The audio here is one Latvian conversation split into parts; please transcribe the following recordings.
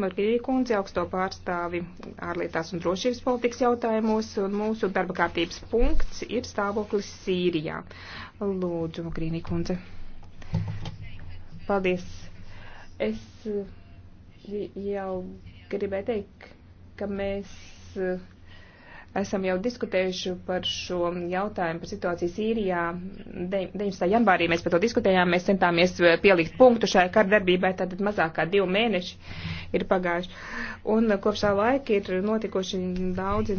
Margarīna kundze augsto pārstāvi ārlietās un drošības politikas jautājumos, un mūsu darba kārtības punkts ir stāvoklis Sīrijā. Lūdzu, Margarīna kundze. Paldies. Es eh, jau gribēju teikt, ka mēs eh, Esam jau diskutējuši par šo jautājumu par situāciju Sīrijā. 19. janvārī mēs par to diskutējām. Mēs centāmies eh, pielikt punktu šai kardarbībai, tātad mazāk kā divi mēneši ir pagājuši. Un eh, kopš tā laika ir notikuši daudzi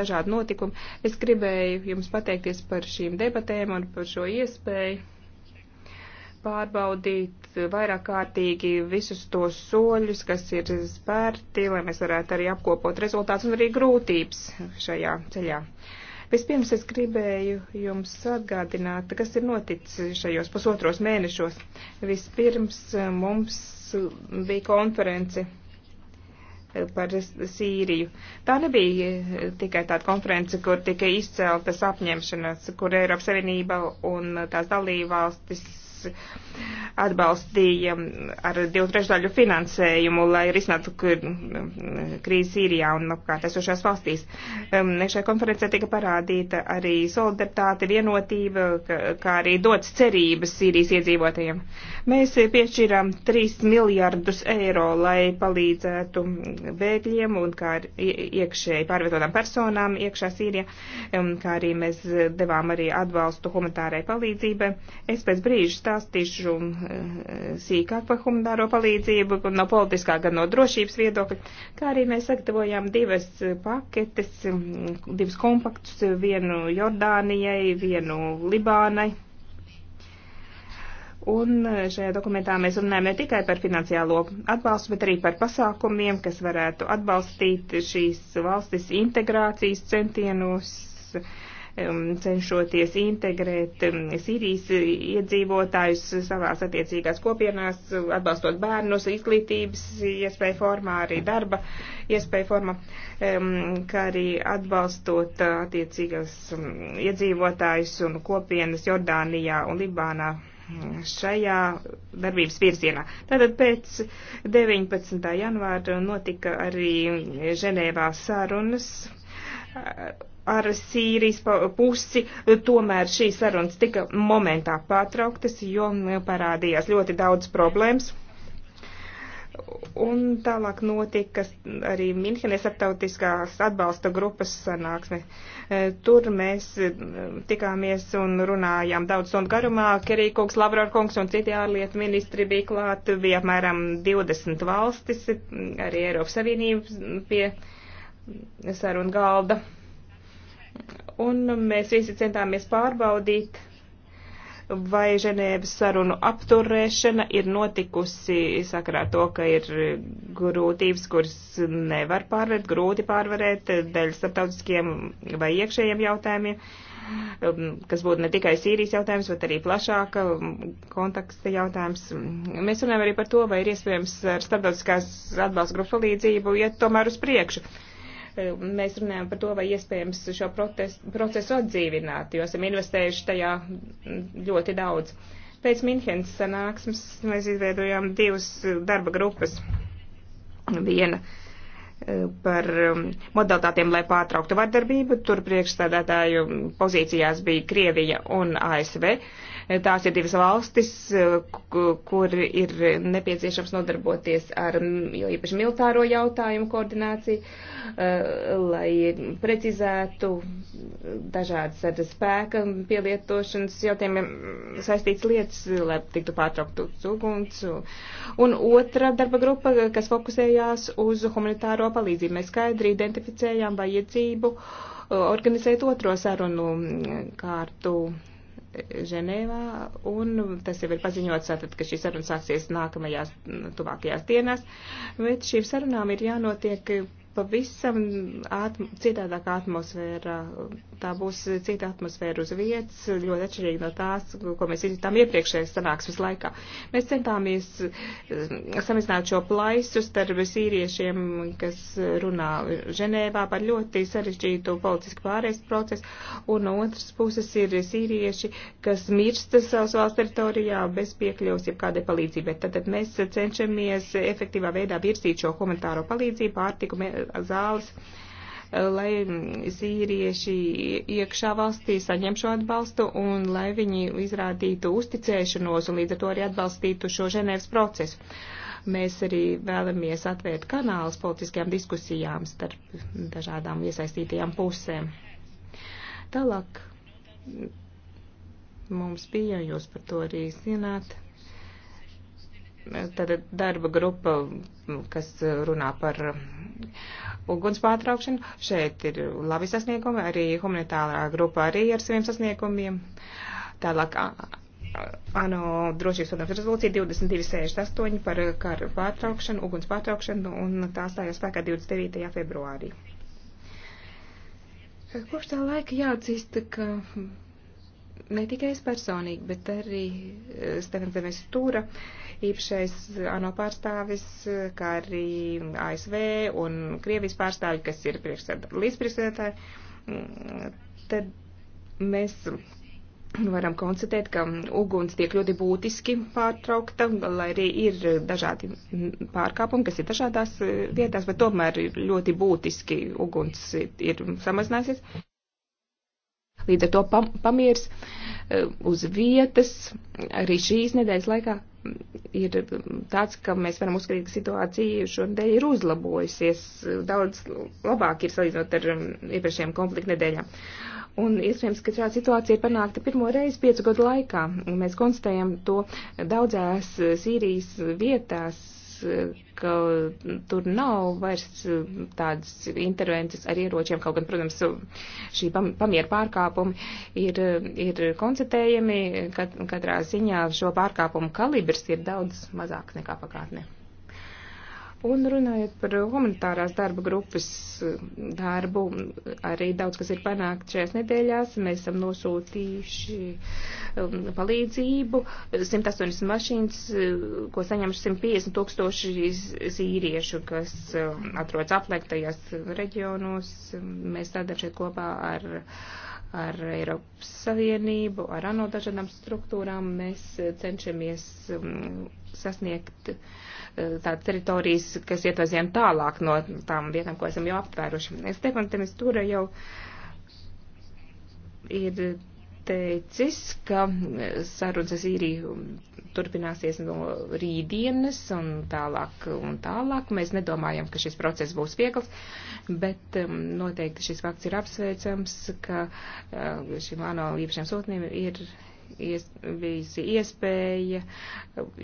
dažādi notikumi. Es gribēju jums pateikties par šīm debatēm un par šo iespēju pārbaudīt vairāk kārtīgi visus tos soļus, kas ir spērti, lai mēs varētu arī apkopot rezultātus un arī grūtības šajā ceļā. Vispirms es gribēju jums atgādināt, kas ir noticis šajos pusotros mēnešos. Vispirms eh, mums bija konference eh, par Sīriju. Tā nebija eh, tikai tāda konference, kur tika izceltas apņemšanas, kur Eiropas Savienība un tās dalībvalstis atbalstīja ar divu trešdaļu finansējumu, lai risinātu krīzi Sīrijā un apkārt esošās valstīs. Šajā konferencē tika parādīta arī solidaritāte, vienotība, kā arī dots cerības Sīrijas iedzīvotājiem. Mēs piešķirām 3 miljardus eiro, lai palīdzētu bēgļiem un kā iekšēji pārvietotām personām iekšā Sīrijā, kā arī mēs devām arī atbalstu humanitārai palīdzībai. Es pēc brīža stāstu pastāstīšu um, eh, sīkāk par humanitāro palīdzību, gan no politiskā, gan no drošības viedokļa, kā arī mēs sagatavojām divas paketes, um, divas kompaktus, vienu Jordānijai, vienu Libānai. Un eh, šajā dokumentā mēs runājam ne tikai par finansiālo atbalstu, bet arī par pasākumiem, kas varētu atbalstīt šīs valstis integrācijas centienos. Uh, Um, cenšoties integrēt um, Sīrijas iedzīvotājus savās attiecīgās kopienās, atbalstot bērnus izglītības iespēju formā, arī darba iespēju formā, um, kā arī atbalstot uh, attiecīgās iedzīvotājus un kopienas Jordānijā un Libānā šajā darbības virzienā. Tātad pēc 19. janvāra notika arī Ženēvā sarunas uh, ar Sīrijas pusi, tomēr šīs sarunas tika momentā pārtrauktas, jo parādījās ļoti daudz problēmas. Un tālāk notika arī Minhenē starptautiskās atbalsta grupas sanāksme. E, tur mēs e, tikāmies un runājām daudz stundu garumā. Kerīkungs, Lavrorkungs un citi ārlietu ministri bija klāt. Bija apmēram 20 valstis, arī Eiropas Savienības pie sarunu galda. Un mēs visi centāmies pārbaudīt, vai Ženēvas sarunu apturēšana ir notikusi sakarā to, ka ir grūtības, kuras nevar pārvarēt, grūti pārvarēt dēļ starptautiskiem vai iekšējiem jautājumiem, um, kas būtu ne tikai Sīrijas jautājums, bet arī plašāka konteksta jautājums. Mēs runājam arī par to, vai ir iespējams ar starptautiskās atbalsta grupu palīdzību iet tomēr uz priekšu. Uh, Mēs runājam par to, vai iespējams šo protestu, procesu atdzīvināt, jo esam investējuši tajā ļoti daudz. Pēc Minhenes sanāksmes mēs izveidojām divas darba grupas. Viena eh, par um, modalitātiem, lai pārtrauktu vardarbību. Tur priekšstādātāju pozīcijās bija Krievija un ASV. Tās ir divas valstis, kur ir nepieciešams nodarboties ar, jo īpaši militāro jautājumu koordināciju, eh, lai precizētu dažādas ar spēka pielietošanas jautājumiem saistīts lietas, lai tiktu pārtrauktu uguns. Un otra darba grupa, kas fokusējās uz humanitāro palīdzību, mēs skaidri identificējām vajadzību eh, organizēt otro sarunu kārtu Ženēvā, un tas jau ir paziņots, tātad, ka šī saruna sāksies nākamajās, tuvākajās dienās, bet šīm sarunām ir jānotiek pavisam atm citādākā atmosfēra. Tā būs cita atmosfēra uz vietas, ļoti atšķirīga no tās, ko mēs izjutām iepriekšējās sanāksmes laikā. Mēs centāmies eh, samazināt šo plaisu starp sīriešiem, kas runā Ženēvā par ļoti sarežģītu politisku pārējais procesu, un no otras puses ir sīrieši, kas mirst savas valsts teritorijā bez piekļuvas jebkādai palīdzībai. Tad mēs cenšamies efektīvā veidā virsīt šo humanitāro palīdzību, pārtiku, zāles, lai sīrieši iekšā valstī saņem šo atbalstu un lai viņi izrādītu uzticēšanos un līdz ar to arī atbalstītu šo Ženēvas procesu. Mēs arī vēlamies atvērt kanālus politiskajām diskusijām starp dažādām iesaistītajām pusēm. Tālāk mums bija, jūs par to arī zināt tāda darba grupa, kas runā par uguns pārtraukšanu. Šeit ir labi sasniegumi, arī humanitārā grupa arī ar saviem sasniegumiem. Tālāk, ANO drošības padomus rezolūcija 2268 par karu pārtraukšanu, uguns pārtraukšanu, un tā stājās spēkā 29. februārī. Kopš tā laika jāatzīst, ka ne tikai es personīgi, bet arī eh, Stefan Zemes Stūra uh, īpašais ANO pārstāvis, kā arī ASV un Krievijas pārstāvi, kas ir līdzpriekšsēdētāji, tad mēs varam konstatēt, ka uguns tiek ļoti būtiski pārtraukta, lai arī ir dažādi pārkāpumi, kas ir dažādās vietās, bet tomēr ļoti būtiski uguns ir samazināsies. Līdz ar to pam pamiers eh, uz vietas arī šīs nedēļas laikā ir tāds, ka mēs varam uzskatīt, ka situācija šodien ir uzlabojusies. Daudz labāk ir salīdzinot ar um, iepriekšējām konflikta nedēļām. Un iespējams, ka šāda situācija ir panākta pirmo reizi piecu gadu laikā. Mēs konstatējam to daudzās Sīrijas vietās, ka uh, tur nav vairs uh, tādas intervences ar ieročiem, kaut gan, protams, šī pamiera pārkāpumi ir, uh, ir koncentrējami, kad, katrā ziņā šo pārkāpumu kalibrs ir daudz mazāks nekā pagātnē. Un runājot par humanitārās darba grupas eh, darbu, arī daudz kas ir panākt šajās nedēļās. Mēs esam nosūtījuši um, palīdzību. 180 mašīnas, eh, ko saņemšu 150 tūkstoši zīriešu, kas eh, atrodas apleiktajās reģionos. Mēs strādājam šeit kopā ar ar Eiropas Savienību, ar ANO dažādām struktūrām mēs cenšamies um, sasniegt uh, tādas teritorijas, kas iet aizvien tālāk no tām vietām, ko esam jau aptvēruši. Stefan Temis Tura jau ir teicis, ka sarunas ar Sīriju turpināsies no rītdienas un tālāk un tālāk. Mēs nedomājam, ka šis process būs viegls, bet um, noteikti šis fakts ir apsveicams, ka uh, šim ANO īpašiem sūtniem ir ies, visi iespēja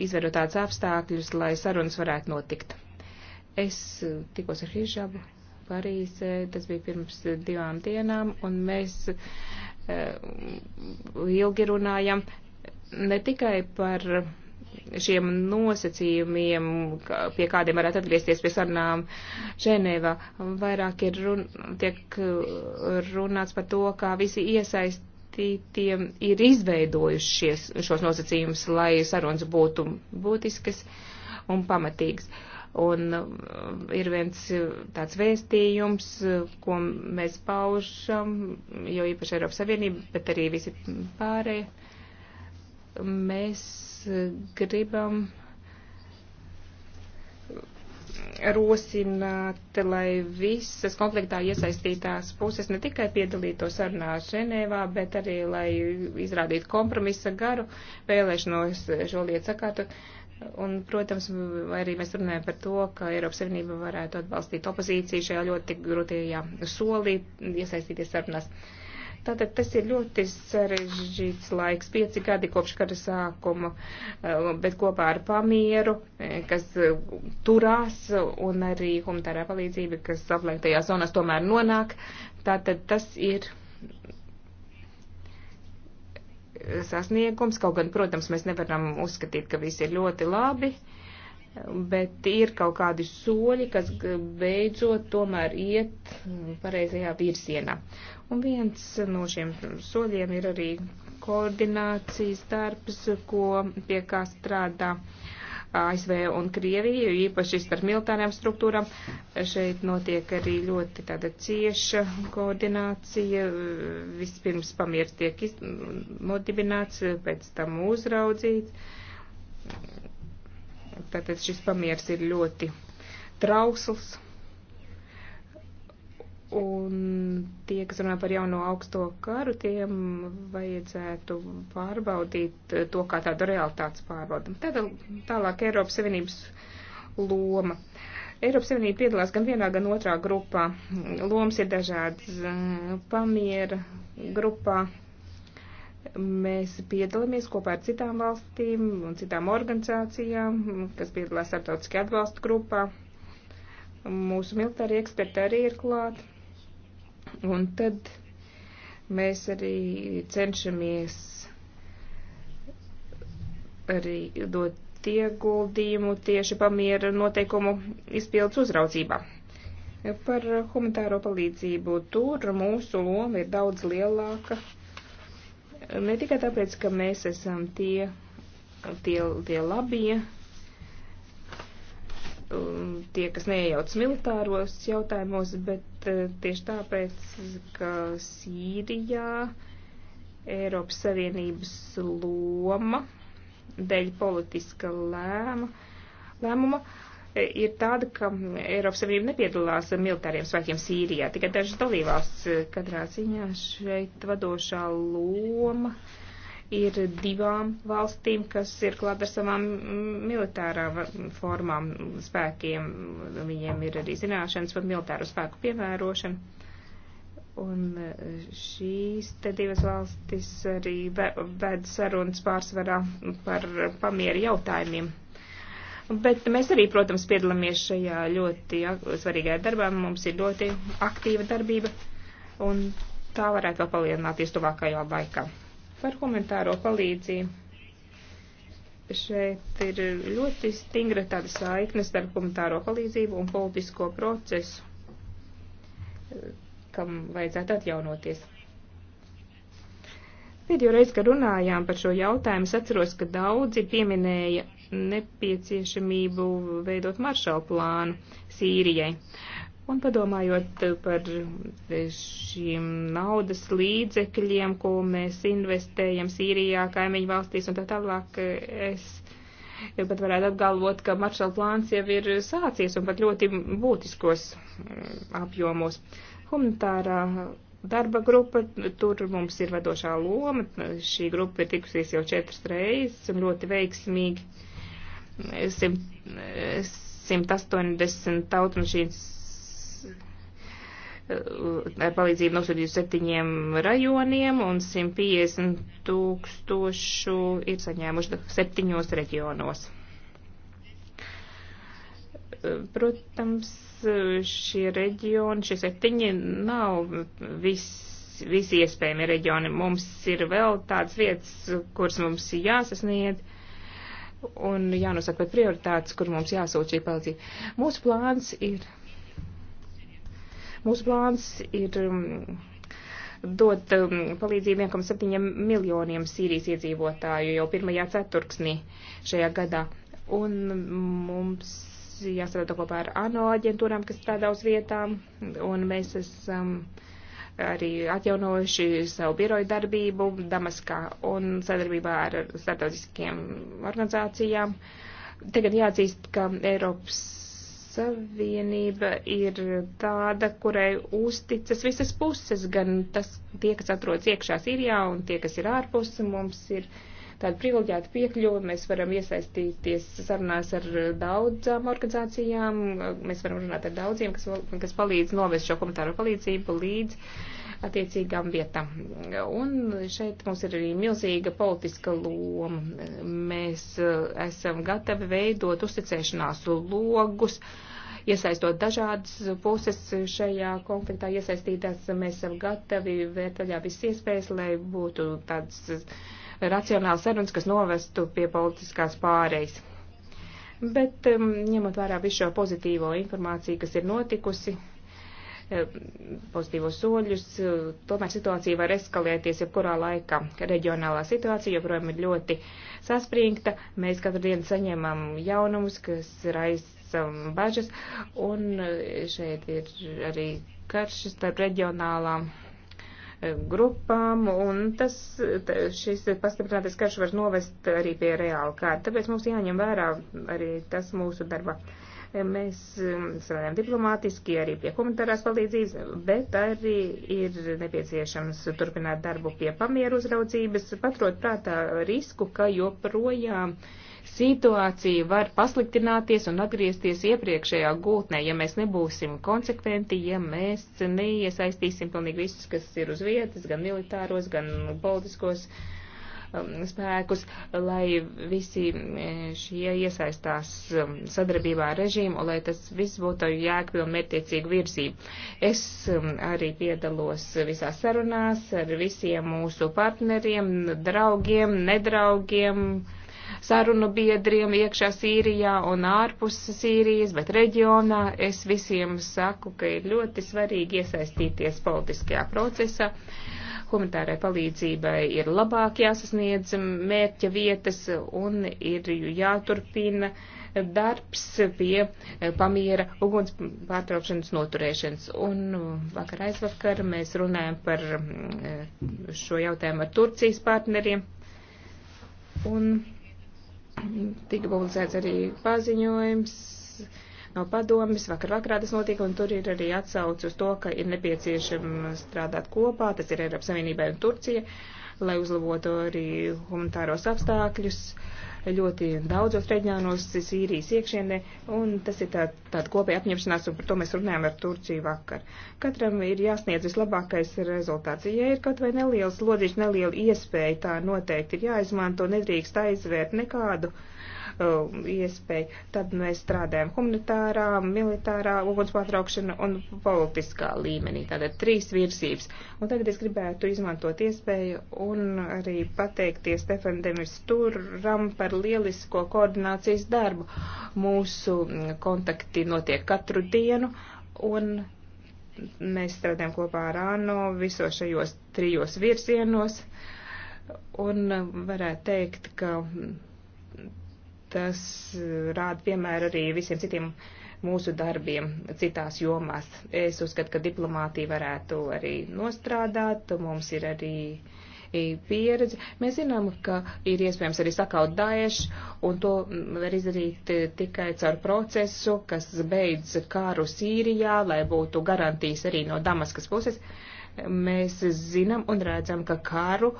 izvedot tādus apstākļus, lai sarunas varētu notikt. Es uh, tikos ar Hižabu Parīzē, tas bija pirms divām dienām, un mēs uh, ilgi runājam ne tikai par šiem nosacījumiem, pie kādiem varētu atgriezties pie sarunām Ženēvā. Vairāk ir run, tiek uh, runāts par to, kā visi iesaistītiem ir izveidojušies šos nosacījumus, lai sarunas būtu būtiskas un pamatīgas. Un uh, ir viens uh, tāds vēstījums, ko mēs paušam, jo īpaši Eiropas Savienība, bet arī visi pārējie mēs gribam rosināt, lai visas konfliktā iesaistītās puses ne tikai piedalītos sarunās Ženēvā, bet arī, lai izrādītu kompromisa garu, vēlēšanos šo lietu sakātu. Un, protams, arī mēs runājam par to, ka Eiropas Savienība varētu atbalstīt opozīciju šajā ļoti grūtajā solī iesaistīties sarunās. Uh, Tātad tas ir ļoti sarežģīts laiks, pieci gadi kopš kara sākuma, eh, bet kopā ar pamieru, eh, kas eh, turās, un arī humanitārā palīdzība, kas aplēktajā zonās tomēr nonāk. Tātad tas ir sasniegums, kaut gan, protams, mēs nevaram uzskatīt, ka viss ir ļoti labi. Uh, bet ir kaut kādi soļi, kas beidzot tomēr iet mm, pareizajā virsienā. Un viens no šiem soļiem ir arī koordinācijas darbs, ko pie kā strādā ASV un Krievija, īpaši starp militārām struktūram. Šeit notiek arī ļoti tāda cieša koordinācija. Vispirms pamiers tiek nodibināts, pēc tam uzraudzīts Tātad šis pamiers ir ļoti trausls. Un tie, kas runā par jauno augsto karu, tiem vajadzētu pārbaudīt to kā tādu realitātes pārbaudam. Tad tālāk Eiropas Savienības loma. Eiropas Savienība piedalās gan vienā, gan otrā grupā. Lomas ir dažādas. Pamiera grupā Mēs piedalāmies kopā ar citām valstīm un citām organizācijām, kas piedalās starptautiskajā atbalsta grupā. Mūsu militāri eksperti arī ir klāt. Un tad mēs arī cenšamies arī dot ieguldījumu tieši pamiera noteikumu izpildes uzraudzībā. Par humanitāro palīdzību tur mūsu loma ir daudz lielāka Ne tikai tāpēc, ka mēs esam tie, tie, tie labie, um, tie, kas neiejauc militāros jautājumos, bet uh, tieši tāpēc, ka Sīrijā Eiropas Savienības loma dēļ politiska lēma, lēmuma ir tāda, ka Eiropas Savienība nepiedalās militāriem spēkiem Sīrijā, tikai dažas dalībvalsts eh, katrā ziņā šeit vadošā loma ir divām valstīm, kas ir klāt ar savām militārām formām, spēkiem. Viņiem ir arī zināšanas par militāru spēku piemērošanu. Un eh, šīs te divas valstis arī ved sarunas pārsvarā par pamieru jautājumiem. Bet mēs arī, protams, piedalāmies šajā ļoti svarīgajā darbā. Mums ir ļoti aktīva darbība, un tā varētu vēl palielināties tuvākajā laikā. Par humanitāro palīdzību šeit ir ļoti stingra tāda saikne starp humanitāro palīdzību un politisko procesu, kam vajadzētu atjaunoties. Pēdējo reizi, kad runājām par šo jautājumu, es atceros, ka daudzi pieminēja nepieciešamību veidot maršalu plānu Sīrijai. Un padomājot par šīm naudas līdzekļiem, ko mēs investējam Sīrijā, kaimiņu valstīs un tā tālāk, es pat varētu apgalvot, ka maršalu plāns jau ir sācies un pat ļoti būtiskos mm, apjomos. Humanitārā darba grupa, tur mums ir vadošā loma, šī grupa ir tikusies jau četras reizes un ļoti veiksmīgi 180 automašīnas eh, ar palīdzību nosūtījusi septiņiem rajoniem un 150 tūkstošu ir saņēmuši septiņos reģionos. Protams, šie reģioni, šie septiņi nav viss visi iespējami reģioni. Mums ir vēl tādas vietas, kuras mums jāsasniedz un jānosaka pat prioritātes, kur mums jāsūt šī palīdzība. Mūsu plāns ir. Mūsu plāns ir um, dot um, palīdzību 1,7 miljoniem Sīrijas iedzīvotāju jau pirmajā ceturksnī šajā gadā. Un mums jāstrādā kopā ar ANO aģentūrām, kas strādā uz vietām, un mēs esam. Um, arī atjaunojuši savu biroju darbību Damaskā un sadarbībā ar starptautiskiem organizācijām. Tagad jāatzīst, ka Eiropas Savienība ir tāda, kurai uzticas visas puses, gan tas, tie, kas atrodas iekšā Sīrijā un tie, kas ir ārpus, mums ir uh, tādu privileģētu piekļuvi, mēs varam iesaistīties sarunās ar daudzām organizācijām, mēs varam runāt ar daudziem, kas, kas palīdz novest šo komentāru palīdzību līdz attiecīgām vietām. Un šeit mums ir arī milzīga politiska loma. Mēs eh, esam gatavi veidot uzticēšanās logus iesaistot dažādas puses šajā konfliktā iesaistītās, mēs esam gatavi vērt vaļā visas iespējas, lai būtu tāds racionāls sarunas, kas novestu pie politiskās pārejas. Bet um, ņemot vērā visu šo pozitīvo informāciju, kas ir notikusi, um, pozitīvos soļus, uh, tomēr situācija var eskalēties jebkurā laikā. Reģionālā situācija joprojām ir ļoti saspringta. Mēs katru dienu saņemam jaunumus, kas raisa bažas, un uh, šeit ir arī karš starp reģionālām grupām, un tas, šis pastiprinātais karš var novest arī pie reāla kāda. Tāpēc mums jāņem vērā arī tas mūsu darba. Mēs mm, strādājam diplomātiski arī pie humanitārās palīdzības, bet arī ir nepieciešams turpināt darbu pie pamieru uzraudzības, paturot prātā risku, ka joprojām uh, situācija var pasliktināties un atgriezties iepriekšējā gūtnē, ja mēs nebūsim konsekventi, ja mēs neiesaistīsim pilnīgi visus, kas ir uz vietas, gan militāros, gan politiskos um, spēkus, lai visi mm, šie iesaistās um, sadarbībā ar režīmu, lai tas viss būtu jēgpilni mērķiecīgu virzību. Es um, arī piedalos visās sarunās ar visiem mūsu partneriem, draugiem, nedraugiem sarunu biedriem iekšā Sīrijā un ārpus Sīrijas, bet reģionā es visiem saku, ka ir ļoti svarīgi iesaistīties politiskajā procesā. Humanitārai palīdzībai ir labāk jāsasniedz mērķa vietas un ir jāturpina darbs pie eh, pamiera uguns pārtraukšanas noturēšanas. Un eh, vakar aizvakar mēs runājam par mm, eh, šo jautājumu ar Turcijas partneriem. Un Tika publicēts arī paziņojums no padomis, vakar vakarā tas notika, un tur ir arī atsauce uz to, ka ir nepieciešams strādāt kopā, tas ir Eiropas Savienībai un Turcija. Uh, lai uzlabotu arī humanitāros apstākļus ļoti daudzos reģionos Sīrijas iekšienē, un tas ir tā, tāda kopēja apņemšanās, un par to mēs runājam ar Turciju vakar. Katram ir jāsniedz vislabākais rezultāts. Ja ir kaut vai neliels lodziņš, neliela iespēja, tā noteikti ir jāizmanto, nedrīkst aizvērt nekādu uh, Um, iespēju. Tad mēs strādājam humanitārā, militārā, uguns pārtraukšana un politiskā līmenī. Tātad trīs virsības. Un tagad es gribētu izmantot iespēju un arī pateikties Stefan Demis Turam par lielisko koordinācijas darbu. Mūsu kontakti notiek katru dienu. Un mēs strādājam kopā ar ANO visos šajos trijos virsienos, un varētu teikt, ka tas eh, rāda piemēra arī visiem citiem mūsu darbiem citās jomās. Es uzskatu, ka diplomātija varētu arī nostrādāt, mums ir arī pieredze. Mēs zinām, ka ir iespējams arī sakaut daiešu, un to mm, var izdarīt eh, tikai caur procesu, kas beidz kāru Sīrijā, lai būtu garantijas arī no Damaskas puses. Uh, Mēs zinām un redzam, ka karu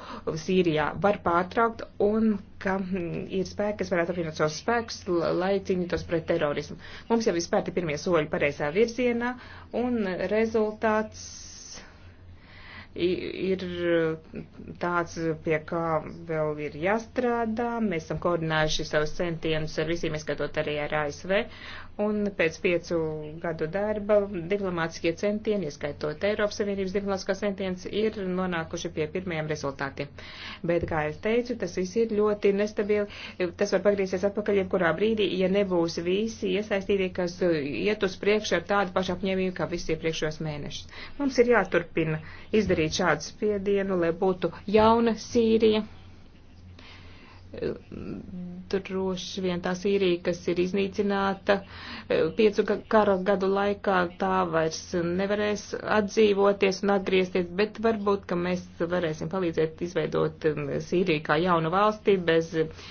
Sīrijā var pārtraukt un ka mm, ir spēki, kas varētu apvienot savus spēkus, lai cīnītos pret terorismu. Mums jau ir spērti pirmie soļi pareizā virzienā un rezultāts ir tāds, pie kā vēl ir jāstrādā. Mēs esam koordinējuši savus centienus ar visiem, ieskatot arī ar ASV, Un pēc piecu gadu darba diplomātiskie centieni, ieskaitot Eiropas Savienības diplomātiskās centienas, ir nonākuši pie pirmajiem rezultātiem. Bet, kā es teicu, tas viss ir ļoti nestabili. Tas var pagriezties atpakaļ jebkurā brīdī, ja nebūs visi iesaistītie, kas iet uz priekšu ar tādu pašu apņēmību kā visi iepriekšējos mēnešus. Mums ir jāturpina izdarīt šādu spiedienu, lai būtu jauna Sīrija droši vien tā Sīrija, kas ir iznīcināta piecu kara gadu laikā, tā vairs nevarēs atdzīvoties un atgriezties, bet varbūt, ka mēs varēsim palīdzēt izveidot um, Sīriju kā jaunu valsti bez uh,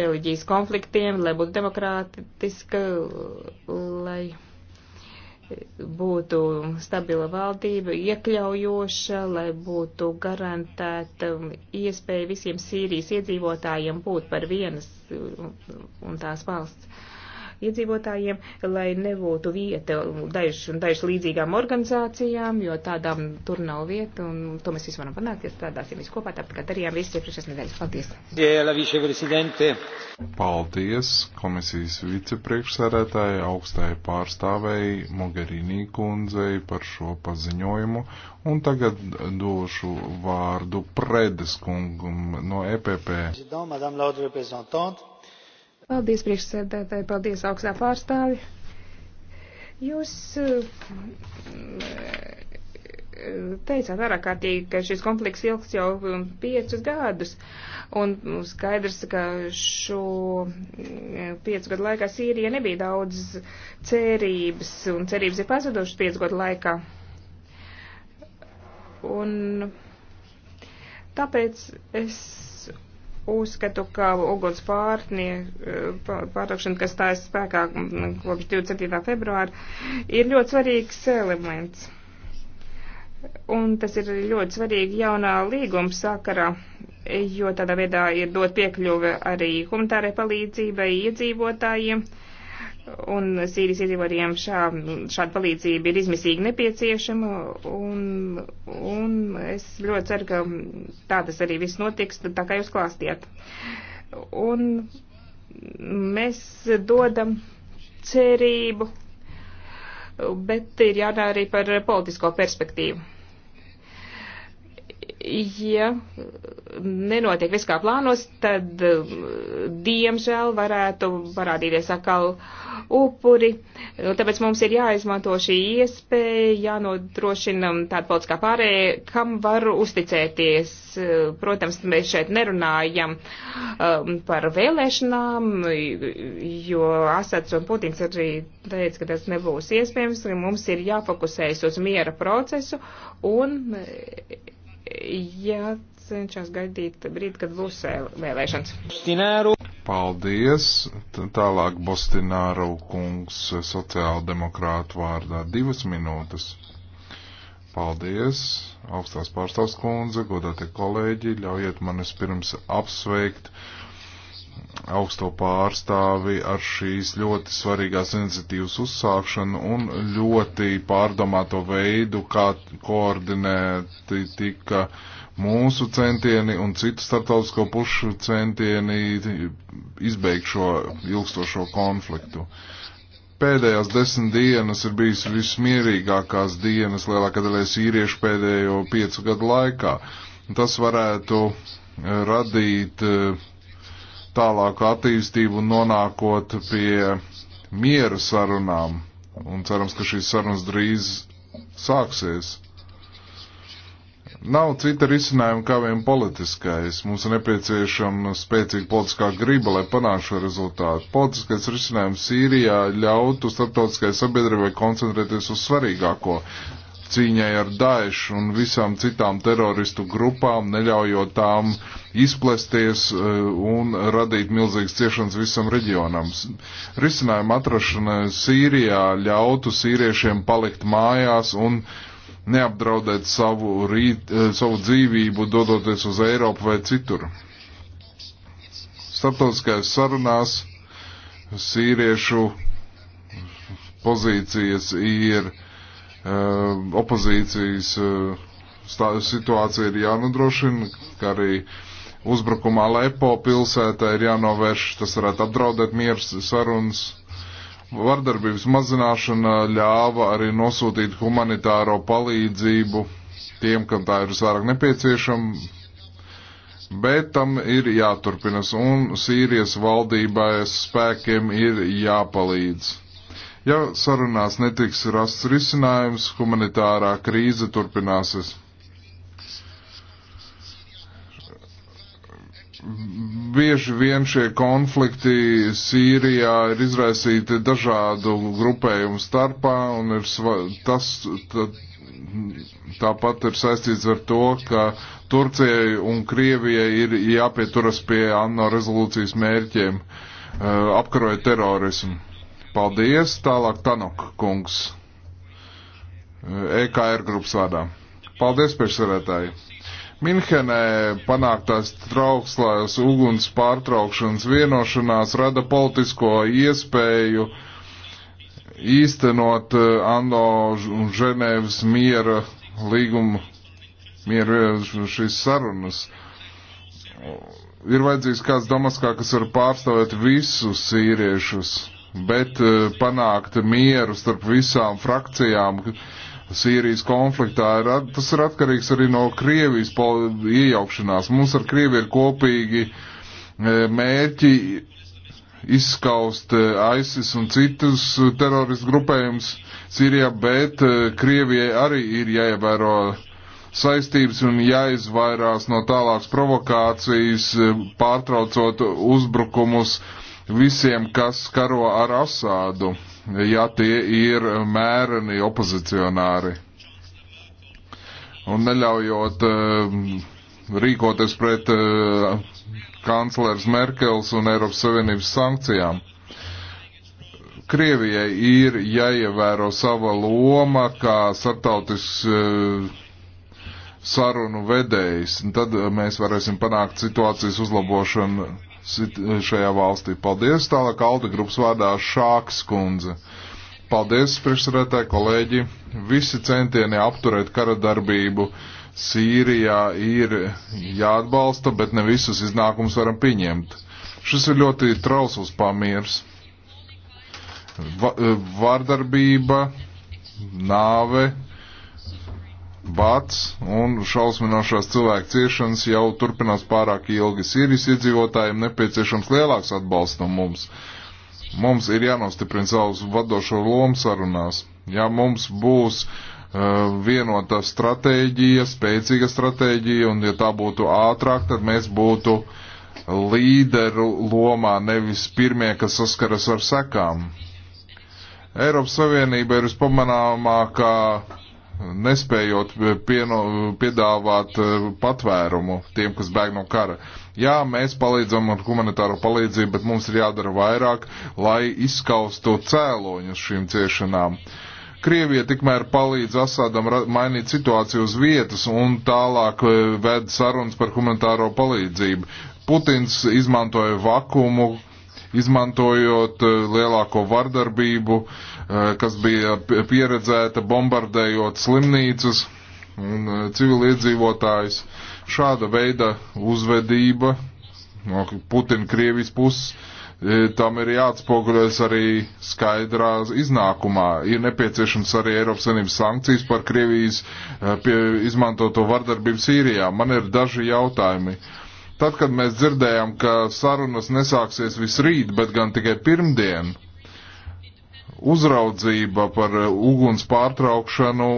reliģijas konfliktiem, lai būtu demokrātiska, lai būtu stabila valdība, iekļaujoša, lai būtu garantēta iespēja visiem Sīrijas iedzīvotājiem būt par vienas un tās valsts iedzīvotājiem, lai nebūtu vieta dažas līdzīgām organizācijām, jo tādām tur nav vieta, un to mēs visi varam panākt, ja strādāsim visi kopā, tāpat kā darījām visi iepriekšējās nedēļas. Paldies! Paldies komisijas vicepriekšsēdētāji, augstai pārstāvēji Mogherini kundzei par šo paziņojumu, un tagad došu vārdu Predes kungam no EPP. Madame la haute représentante, Paldies, priekšsēdētāji, paldies, augstā pārstāvi. Jūs eh, teicāt vairāk kārtīgi, ka šis konflikts ilgs jau piecus gadus, un skaidrs, ka šo eh, piecu gadu laikā Sīrija nebija daudz cerības, un cerības ir pazudušas piecu gadu laikā. Un tāpēc es uzskatu, ka uguns e, pārtraukšana, kas stājas spēkā kopš 27. februāra, ir ļoti svarīgs elements. Un tas ir ļoti svarīgi jaunā līguma sakarā, jo tādā veidā ir dot piekļuve arī humanitārai palīdzībai iedzīvotājiem. Ja un Sīrijas iedzīvotājiem šā, šāda palīdzība ir izmisīgi nepieciešama, un, un es ļoti ceru, ka tā tas arī viss notiks, tā kā jūs klāstiet. Un mēs dodam cerību, bet ir jārunā arī par politisko perspektīvu ja nenotiek viss kā plānos, tad diemžēl varētu parādīties atkal upuri. Nu, tāpēc mums ir jāizmanto šī iespēja, jānodrošina tāda politiskā pārēja, kam var uzticēties. Protams, mēs šeit nerunājam um, par vēlēšanām, jo Asats un Putins arī teica, ka tas nebūs iespējams. Mums ir jāfokusējas uz miera procesu un jācenšas gaidīt brīdi, kad būs vēlēšanas. Stināru. Paldies. Tālāk Bostināru kungs sociāldemokrātu vārdā divas minūtes. Paldies, augstās pārstāvs kundze, godātie kolēģi, ļaujiet man es pirms apsveikt uh, augsto pārstāvi ar šīs ļoti svarīgās iniciatīvas uzsākšanu un ļoti pārdomāto veidu, kā koordinēti tika mūsu centieni un citu startautisko pušu centieni izbeigt šo ilgstošo konfliktu. Pēdējās desmit dienas ir bijis vismierīgākās dienas lielākā daļa sīriešu pēdējo piecu gadu laikā. Tas varētu radīt uh, tālāku attīstību nonākot pie miera sarunām. Un cerams, ka šīs sarunas drīz sāksies. Nav cita risinājuma kā vien politiskais. Mums ir nepieciešama spēcīga politiskā griba, lai panāktu šo rezultātu. Politiskais risinājums Sīrijā ļautu starptautiskai sabiedrībai koncentrēties uz svarīgāko cīņai ar Daešu un visām citām teroristu grupām, neļaujot tām izplesties eh, un radīt milzīgas ciešanas visam reģionam. Risinājuma atrašana Sīrijā ļautu sīriešiem palikt mājās un neapdraudēt savu, rīt, eh, savu dzīvību, dodoties uz Eiropu vai citur. Startautiskajās sarunās sīriešu pozīcijas ir Ehm, opozīcijas eh, situācija ir jānodrošina, kā arī uzbrukumā Lepo pilsētā ir jānovērš, tas varētu apdraudēt mieru sarunas. Vardarbības mazināšana ļāva arī nosūtīt humanitāro palīdzību tiem, kam tā ir visvairāk nepieciešama, bet tam ir jāturpinas un Sīrijas valdībai spēkiem ir jāpalīdz. Ja sarunās netiks rasts risinājums, humanitārā krīze turpināsies. Bieži vien šie konflikti Sīrijā ir izraisīti dažādu grupējumu starpā, un ir sva, tas tā, tāpat ir saistīts ar to, ka Turcijai un Krievijai ir jāpieturas pie ANO rezolūcijas mērķiem, eh, apkarojot terorismu. Paldies. Tālāk Tanok kungs. EKR er grupas vārdā. Paldies, priekšsarētāji. Minhenē panāktās traukslās uguns pārtraukšanas vienošanās rada politisko iespēju īstenot eh, ANO un Ženēvas miera līgumu, miera šīs sarunas. Ir vajadzīgs kāds Damaskā, kas var pārstāvēt visus sīriešus bet eh, panākt mieru starp visām frakcijām Sīrijas konfliktā, ir, tas ir atkarīgs arī no Krievijas iejaukšanās. Mums ar Krieviju ir kopīgi eh, mērķi izskaust eh, ISIS un citus teroristu grupējumus Sīrijā, bet Krievijai arī ir jāievēro saistības un jāizvairās no tālākas provokācijas, pārtraucot uzbrukumus uh, visiem, kas karo ar Asādu, ja tie ir mēreni opozicionāri. Un neļaujot eh, rīkoties pret eh, kanclers Merkels un Eiropas Savienības sankcijām. Krievijai ir jāievēro sava loma kā startautisks eh, sarunu vedējs, un tad mēs varēsim panākt situācijas uzlabošanu Eh, šajā valstī. Paldies, tālāk Alda grupas vārdā Šāks kundze. Paldies, priekšsarētāji kolēģi. Visi centieni apturēt kara darbību Sīrijā ir jāatbalsta, bet ne visus iznākums varam pieņemt. Šis ir ļoti trausls pamiers. Va eh, vardarbība, nāve, bats un šausminošās cilvēku ciešanas jau turpinās pārāk ilgi. Sīrijas iedzīvotājiem nepieciešams lielāks atbalsts no mums. Mums ir jānostiprina savus vadošo lomu sarunās. Ja mums būs uh, vienota stratēģija, spēcīga stratēģija, un ja tā būtu ātrāk, tad mēs būtu līderu lomā, nevis pirmie, kas saskaras ar sekām. Eiropas Savienība ir uzpamanāmākā nespējot eh, pieno, piedāvāt eh, patvērumu tiem, kas bēg no kara. Jā, mēs palīdzam ar humanitāro palīdzību, bet mums ir jādara vairāk, lai izskaustu cēloņus šīm ciešanām. Krievija tikmēr palīdz Asadam mainīt situāciju uz vietas un tālāk eh, ved sarunas par humanitāro palīdzību. Putins izmantoja vakumu, izmantojot lielāko vardarbību, uh, Eh, kas bija pieredzēta bombardējot slimnīcas un eh, civiliedzīvotājus. Šāda veida uzvedība no Putina Krievijas puses eh, tam ir jāatspoguļojas arī skaidrā iznākumā. Ir nepieciešams arī Eiropas Savienības sankcijas par Krievijas izmantoto vardarbību Sīrijā. Man ir daži jautājumi. Tad, kad mēs dzirdējām, ka sarunas nesāksies visrīt, bet gan tikai pirmdien, uh, uzraudzība par eh, uguns pārtraukšanu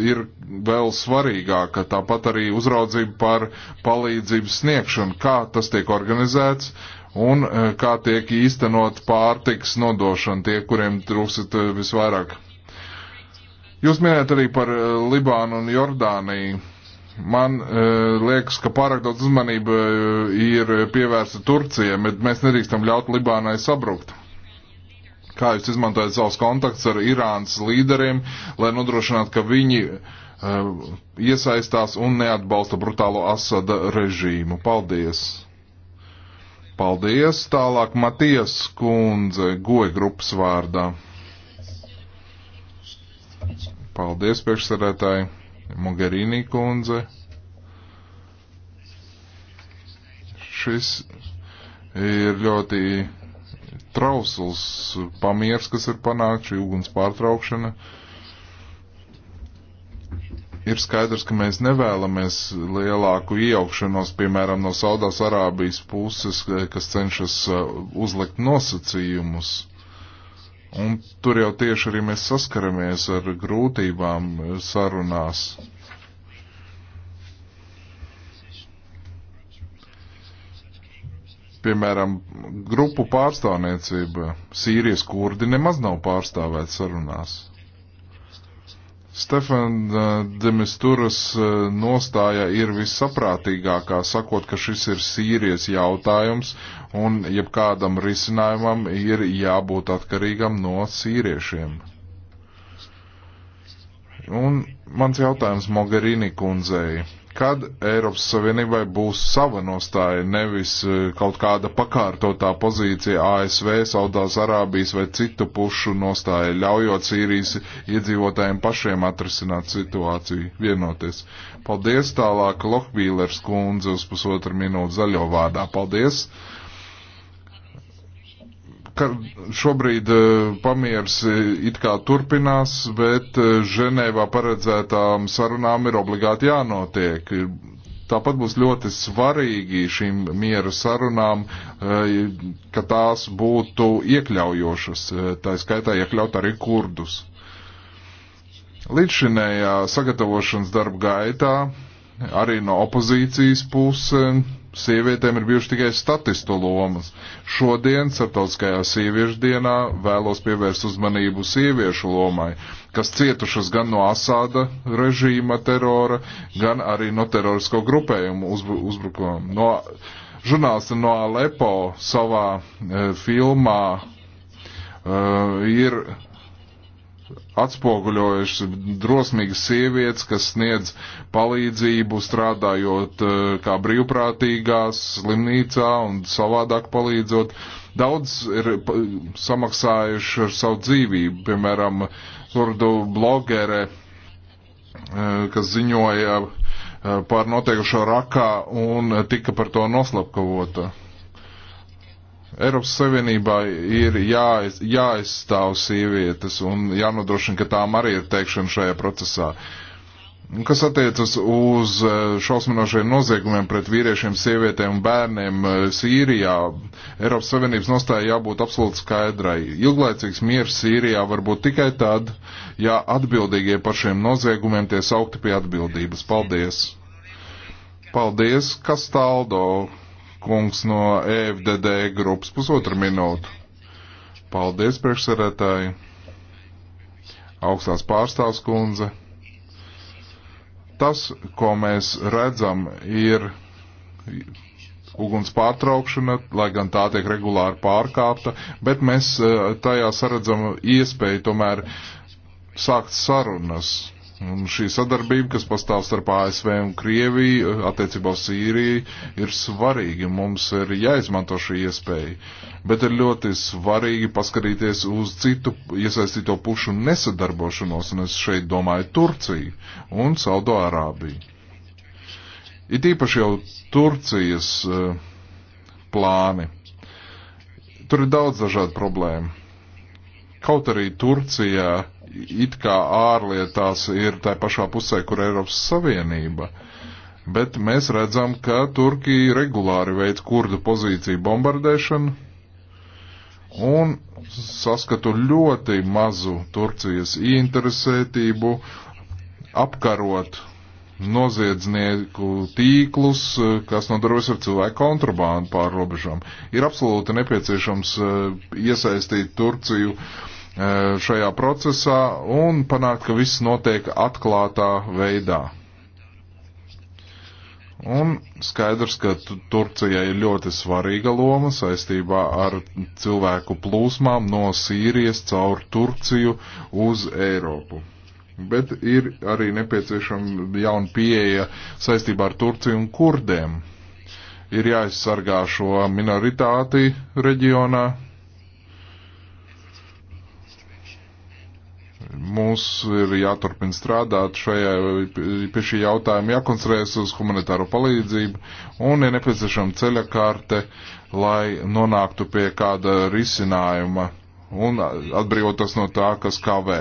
ir vēl svarīgāka, tāpat arī uzraudzība par palīdzības sniegšanu, kā tas tiek organizēts un eh, kā tiek īstenot pārtiks nodošana tie, kuriem trūkstat eh, visvairāk. Jūs minējat arī par Libānu un Jordāniju. Man uh, liekas, ka pārāk daudz uzmanība ir pievērsta Turcijai, bet mēs nedrīkstam ļaut Libānai sabrukt kā jūs izmantojat savus kontaktus ar Irānas līderiem, lai nodrošinātu, ka viņi uh, iesaistās un neatbalsta brutālo Asada režīmu. Paldies! Paldies! Tālāk Matijas kundze goja grupas vārdā. Paldies, priekšsarētāji! Mogherini kundze. Šis ir ļoti trausls pamiers, kas ir panākts, šī uguns pārtraukšana. Ir skaidrs, ka mēs nevēlamies lielāku iejaukšanos, piemēram, no Saudās Arābijas puses, kas cenšas uh, uzlikt nosacījumus. Un tur jau tieši arī mēs saskaramies ar grūtībām sarunās Piemēram, grupu pārstāvniecība Sīrijas kurdi nemaz nav pārstāvēta sarunās. Stefan eh, Demisturas eh, nostāja ir vissaprātīgākā, sakot, ka šis ir Sīrijas jautājums un jebkādam risinājumam ir jābūt atkarīgam no sīriešiem. Un mans jautājums Mogherini kundzei kad Eiropas Savienībai būs sava nostāja, nevis e, kaut kāda pakārtotā pozīcija ASV, Saudās Arābijas vai citu pušu nostāja, ļaujot Sīrijas iedzīvotājiem pašiem atrisināt situāciju, vienoties. Paldies tālāk Lohbīlers kundze uz pusotru minūtu zaļo vārdā. Paldies! ka šobrīd e, pamieris e, it kā turpinās, bet e, Ženēvā paredzētām sarunām ir obligāti jānotiek. Tāpat būs ļoti svarīgi šīm miera sarunām, ka tās būtu iekļaujošas, tā skaitā iekļaut arī kurdus. Līdzšinējā sagatavošanas darba gaitā arī no opozīcijas puses sievietēm ir bijuši tikai statistu lomas. Šodien, starptautiskajā sieviešu dienā, vēlos pievērst uzmanību sieviešu lomai, kas cietušas gan no Asāda režīma terora, gan arī no terorisko grupējumu uzbru uzbrukumiem. No, žurnālisti no Alepo savā e, filmā uh, ir atspoguļojuši drosmīgas sievietes, kas sniedz palīdzību strādājot eh, kā brīvprātīgās slimnīcā un savādāk palīdzot. Daudz ir samaksājuši ar savu dzīvību, piemēram, kurdu blogere, eh, kas ziņoja eh, par notiekušo rakā un tika par to noslapkavota. Eiropas Savienībā ir jāiz, jāizstāv sievietes un jānodrošina, ka tām arī ir teikšana šajā procesā. Kas attiecas uz eh, šausminošiem noziegumiem pret vīriešiem, sievietēm un bērniem eh, Sīrijā, Eiropas Savienības nostāja jābūt absolūti skaidrai. Ilglaicīgs miers Sīrijā var būt tikai tad, ja atbildīgie par šiem noziegumiem tie saukti pie atbildības. Paldies! Paldies, Kastaldo kungs no EFDD grupas pusotra minūte. Paldies, priekšsarētāji. Augstās pārstāvs kundze. Tas, ko mēs redzam, ir uguns pārtraukšana, lai gan tā tiek regulāri pārkāpta, bet mēs eh, tajā saredzam iespēju tomēr sākt sarunas Un šī sadarbība, kas pastāv starp ASV un Krieviju eh, attiecībā uz Sīriju, ir svarīga. Mums ir jāizmanto šī iespēja. Bet ir ļoti svarīgi paskatīties uz citu iesaistīto pušu nesadarbošanos, un es šeit domāju Turciju un Saudoārābiju. It īpaši jau Turcijas uh, plāni. Tur ir daudz dažādu problēmu. Kaut arī Turcijā it kā ārlietās ir tā pašā pusē, kur Eiropas Savienība. Bet mēs redzam, ka Turkija regulāri veic kurdu pozīciju bombardēšanu un saskatu ļoti mazu Turcijas ieinteresētību apkarot noziedznieku tīklus, kas nodarbojas ar cilvēku kontrabandu pār robežām. Ir absolūti nepieciešams eh, iesaistīt Turciju uh, E, šajā procesā un panākt, ka viss notiek atklātā veidā. Un skaidrs, ka Turcijai ir ļoti svarīga loma saistībā ar cilvēku plūsmām no Sīrijas caur Turciju uz Eiropu. Bet ir arī nepieciešama jauna pieeja saistībā ar Turciju un kurdiem. Ir jāizsargā šo minoritāti reģionā, Mums ir jāturpina strādāt šajā, pie šī jautājuma, jākoncentrējas uz humanitāro palīdzību un ir nepieciešama ceļa kārte, lai nonāktu pie kāda risinājuma un atbrīvotos no tā, kas kavē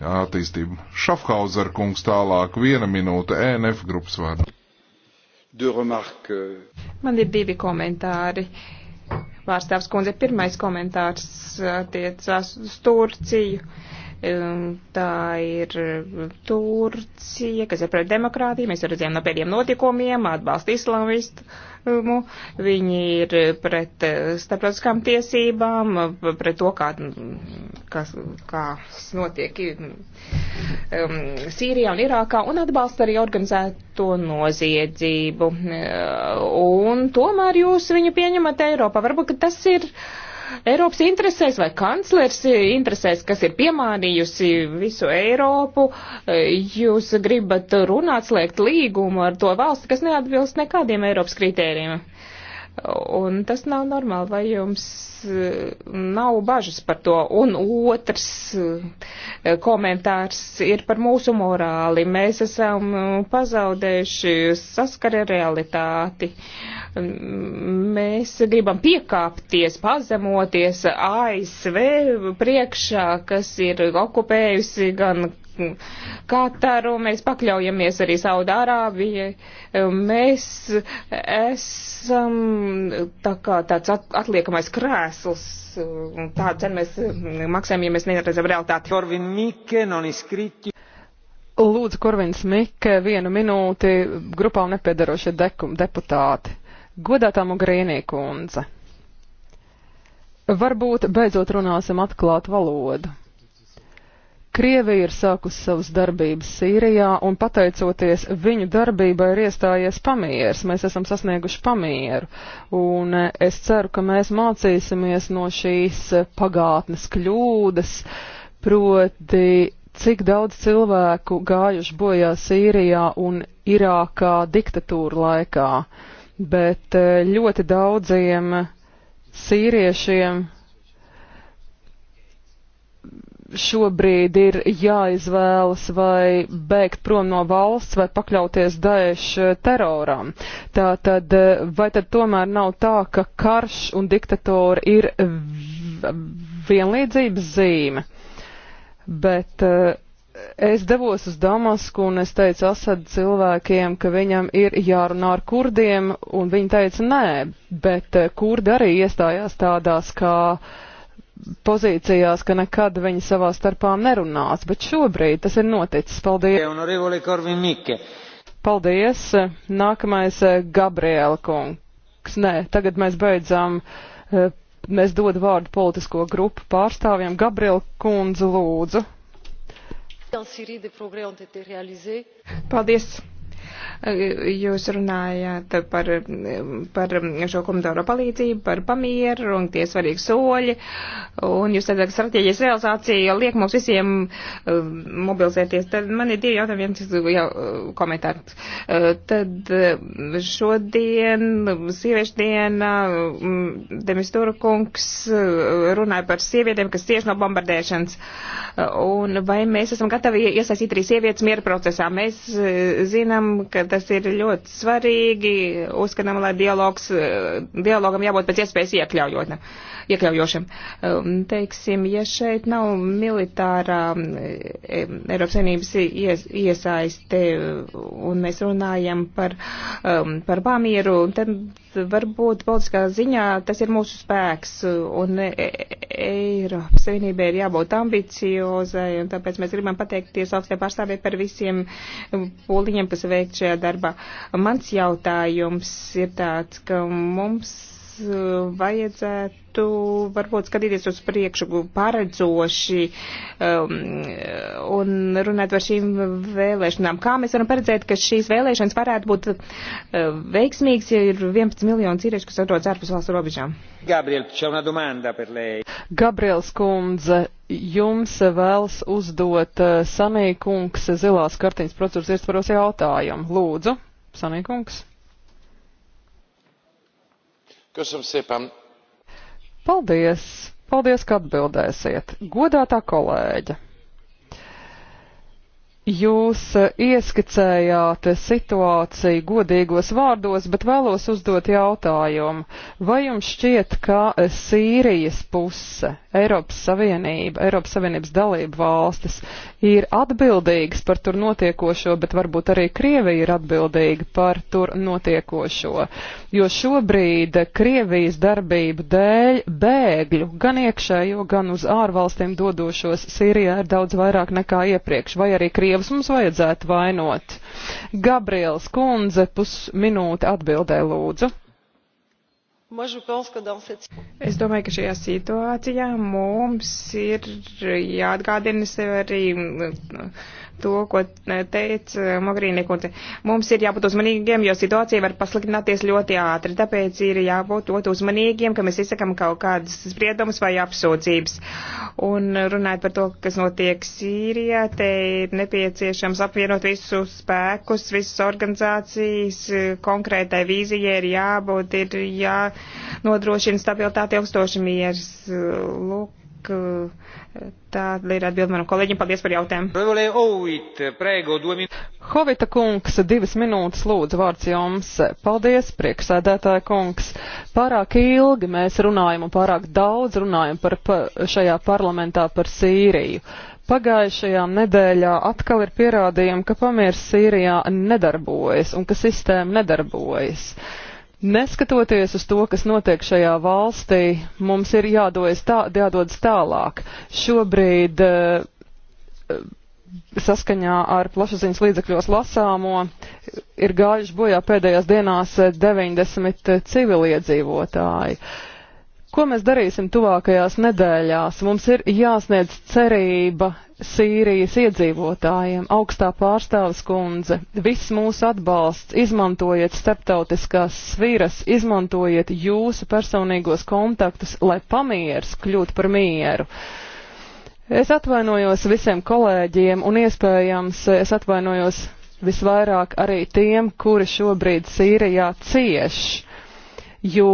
attīstību. Šafhauser kungs tālāk viena minūte ENF grupas vārdu. Man ir divi komentāri. Pārstāvs kundze, pirmais komentārs attiecās uh, uz Turciju. Uh, Um, tā ir Turcija, kas ir pret demokrātiju. Mēs redzējām no pēdējiem notikumiem, atbalsta islamistu. Viņi ir pret uh, starptautiskām tiesībām, pret to, kā, kas, kas notiek um, Sīrijā un Irākā, un atbalsta arī organizēto noziedzību. Uh, un tomēr jūs viņu pieņemat Eiropā. Varbūt, ka tas ir. Uh, Eiropas interesēs vai kanclers interesēs, kas ir piemānījusi visu Eiropu. E, jūs gribat runāt, slēgt līgumu ar to valsti, kas neatbilst nekādiem Eiropas kritērijiem. Un tas nav normāli, vai jums eh, nav bažas par to. Un otrs eh, komentārs ir par mūsu morāli. Mēs esam eh, pazaudējuši saskari realitāti. Mēs gribam piekāpties, pazemoties ASV priekšā, kas ir okupējusi gan Kataru, mēs pakļaujamies arī Saudārābijai. Mēs esam tā kā tāds atliekamais krēsls. Tādu cenu mēs maksājam, ja mēs neredzam realitāti. Korvin Mike, non iskriti. Lūdzu, Korvins Mike, vienu minūti grupām nepiedarošie deputāti. Godātā Mugrīnī kundze. Varbūt beidzot runāsim atklātu valodu. Krievija ir sākusi savas darbības Sīrijā, un pateicoties viņu darbībai ir iestājies pamieris. Mēs esam sasnieguši pamieru, un eh, es ceru, ka mēs mācīsimies no šīs eh, pagātnes kļūdas, proti, cik daudz cilvēku gājuši bojā Sīrijā un Irākā diktatūra laikā, bet eh, ļoti daudziem sīriešiem šobrīd ir jāizvēlas vai bēgt prom no valsts vai pakļauties Daešu eh, teroram. Tā tad, eh, vai tad tomēr nav tā, ka karš un diktatori ir vienlīdzības zīme? Bet eh, es devos uz Damasku un es teicu Asad cilvēkiem, ka viņam ir jārunā ar kurdiem, un viņi teica nē, bet kurdi arī iestājās tādās kā uh, pozīcijās, ka nekad viņi savā starpā nerunās, bet šobrīd tas ir noticis. Paldies! Paldies! Nākamais eh, Gabriela kungs. Nē, tagad mēs beidzam. Eh, mēs dod vārdu politisko grupu pārstāvjiem. Gabriela kundze lūdzu. Paldies! Jūs runājāt par, par šo komandoru palīdzību, par pamieru un tie svarīgi soļi. Un jūs teicāt, ka strateģijas realizācija liek mums visiem um, mobilizēties. Tad man ir divi jautājumi, viens jau uh, komentārs. Uh, tad uh, šodien, sieviešu diena, um, Demis Turkungs runāja par sievietēm, kas cieši no bombardēšanas. Un vai mēs esam gatavi iesaistīt arī sievietes miera procesā? Mēs zinām, ka tas ir ļoti svarīgi. Uzskatām, lai dialogs, eh, dialogam jābūt pēc iespējas iekļaujotnam. Uh, iekļaujošam. Um, teiksim, ja šeit nav militārā um, Eiropas Savienības ies, iesaiste uh, un mēs runājam par, um, par pamieru, tad varbūt politiskā ziņā tas ir mūsu spēks un e, e, Eiropas Savienībai ir jābūt ambiciozai un tāpēc mēs gribam pateikties augstajai pārstāvē par visiem pūliņiem, kas veikt šajā darbā. Mans jautājums ir tāds, ka mums vajadzētu varbūt skatīties uz priekšu paredzoši um, un runāt par šīm vēlēšanām. Kā mēs varam paredzēt, ka šīs vēlēšanas varētu būt uh, veiksmīgas, ja ir 11 miljoni cīriešu, kas atrodas ārpus valsts robežām? Gabriel, Gabriels kundze, jums vēlas uzdot uh, Sanīkungs zilās kartiņas procedūras iestvaros jautājumu. Lūdzu, Sanīkungs. Köszönöm szépen! Paldies! Paldies, ka atbildēsiet! Godātā kolēģe! Jūs eh, ieskicējāt situāciju godīgos vārdos, bet vēlos uzdot jautājumu. Vai jums šķiet, ka eh, Sīrijas puse, Eiropas Savienība, Eiropas Savienības dalība valstis ir atbildīgas par tur notiekošo, bet varbūt arī Krievija ir atbildīga par tur notiekošo? Jo šobrīd Krievijas darbību dēļ bēgļu gan iekšējo, gan uz ārvalstīm dodošos Sīrijā ir daudz vairāk nekā iepriekš, vai arī Krievija Krievas mums vajadzētu vainot. Gabriels Kundze pusminūte atbildē lūdzu. Es domāju, ka šajā situācijā mums ir jāatgādina sev arī to, ko e, teica Mogrīnie kundze. Mums ir jābūt uzmanīgiem, jo situācija var pasliktināties ļoti ātri. Tāpēc ir jābūt ļoti uzmanīgiem, ka mēs izsakam kaut kādas spriedumus vai apsūdzības. Un runājot par to, kas notiek Sīrijā, te ir nepieciešams apvienot visus spēkus, visas organizācijas, konkrētai vīzijai ir jābūt, ir jānodrošina stabilitāte ilgstoši miers. Lūk, tāda ir atbilde manam kolēģim. Paldies par jautājumu. Hovita kungs, divas minūtes lūdzu vārds jums. Paldies, prieksēdētāja kungs. Pārāk ilgi mēs runājam un pārāk daudz runājam par, par šajā parlamentā par Sīriju. Pagājušajā nedēļā atkal ir pierādījumi, ka pamiers Sīrijā nedarbojas un ka sistēma nedarbojas. Uh, Neskatoties uz to, kas notiek šajā valstī, mums ir jādodas, tā, jādodas tālāk. Šobrīd eh, eh, saskaņā ar plašsaziņas līdzekļos lasāmo ir gājuši bojā pēdējās dienās 90 eh, civiliedzīvotāji. Ko mēs darīsim tuvākajās nedēļās? Mums ir jāsniedz cerība Sīrijas iedzīvotājiem. Augstā pārstāvis kundze, viss mūsu atbalsts, izmantojiet starptautiskās sviras, izmantojiet jūsu personīgos kontaktus, lai pamieris kļūtu par mieru. Es atvainojos visiem kolēģiem un iespējams es atvainojos visvairāk arī tiem, kuri šobrīd Sīrijā cieš, jo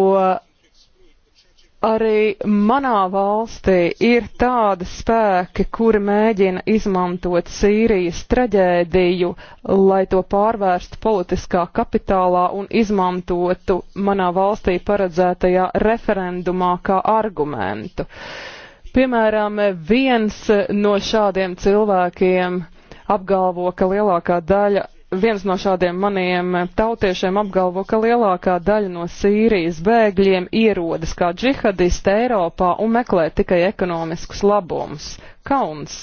Arī manā valstī ir tādi spēki, kuri mēģina izmantot Sīrijas traģēdiju, lai to pārvērstu politiskā kapitālā un izmantotu manā valstī paredzētajā referendumā kā argumentu. Piemēram, viens no šādiem cilvēkiem apgalvo, ka lielākā daļa viens no šādiem maniem tautiešiem apgalvo, ka lielākā daļa no Sīrijas bēgļiem ierodas kā džihadisti Eiropā un meklē tikai ekonomiskus labumus. Kauns.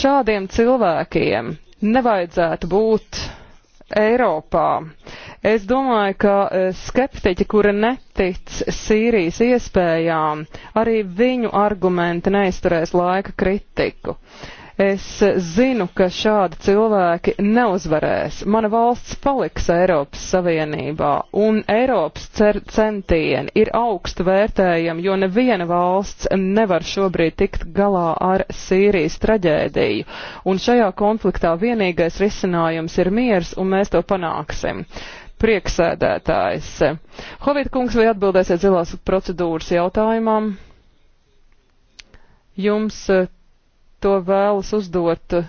Šādiem cilvēkiem nevajadzētu būt Eiropā. Es domāju, ka e, skeptiķi, kuri netic Sīrijas iespējām, arī viņu argumenti neizturēs laika kritiku. Uh, Es zinu, ka šādi cilvēki neuzvarēs. Mana valsts paliks Eiropas Savienībā, un Eiropas centieni ir augstu vērtējami, jo neviena valsts nevar šobrīd tikt galā ar Sīrijas traģēdiju. Un šajā konfliktā vienīgais risinājums ir miers, un mēs to panāksim prieksēdētājs. Hovita kungs, vai atbildēsiet zilās procedūras jautājumam? Jums to vēlas uzdot uh,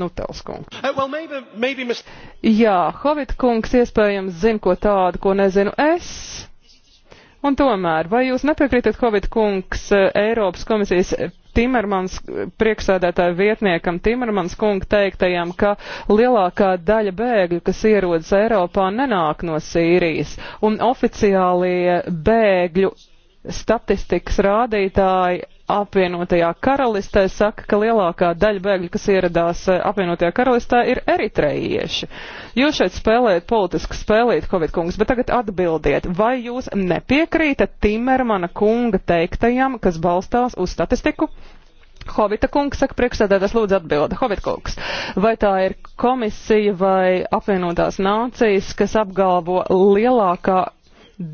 Nutels kungs. Uh, well, maybe, maybe mis... Jā, Hovita kungs iespējams zina ko tādu, ko nezinu es. Un tomēr, vai jūs nepiekrītat Hovita kungs uh, Eiropas komisijas Timermans priekšsēdētāja vietniekam Timermans kunga teiktajam, ka lielākā daļa bēgļu, kas ierodas Eiropā, nenāk no Sīrijas, un oficiālie bēgļu statistikas rādītāji apvienotajā karalistē saka, ka lielākā daļa bēgļu, kas ieradās eh, apvienotajā karalistē, ir eritreieši. Jūs šeit spēlējat politiski spēlīt, Covid kungs, bet tagad atbildiet, vai jūs nepiekrītat Timermana kunga teiktajam, kas balstās uz statistiku? Hovita kungs saka priekšsēdētājs lūdzu atbilda. Hovita kungs, vai tā ir komisija vai apvienotās nācijas, kas apgalvo lielākā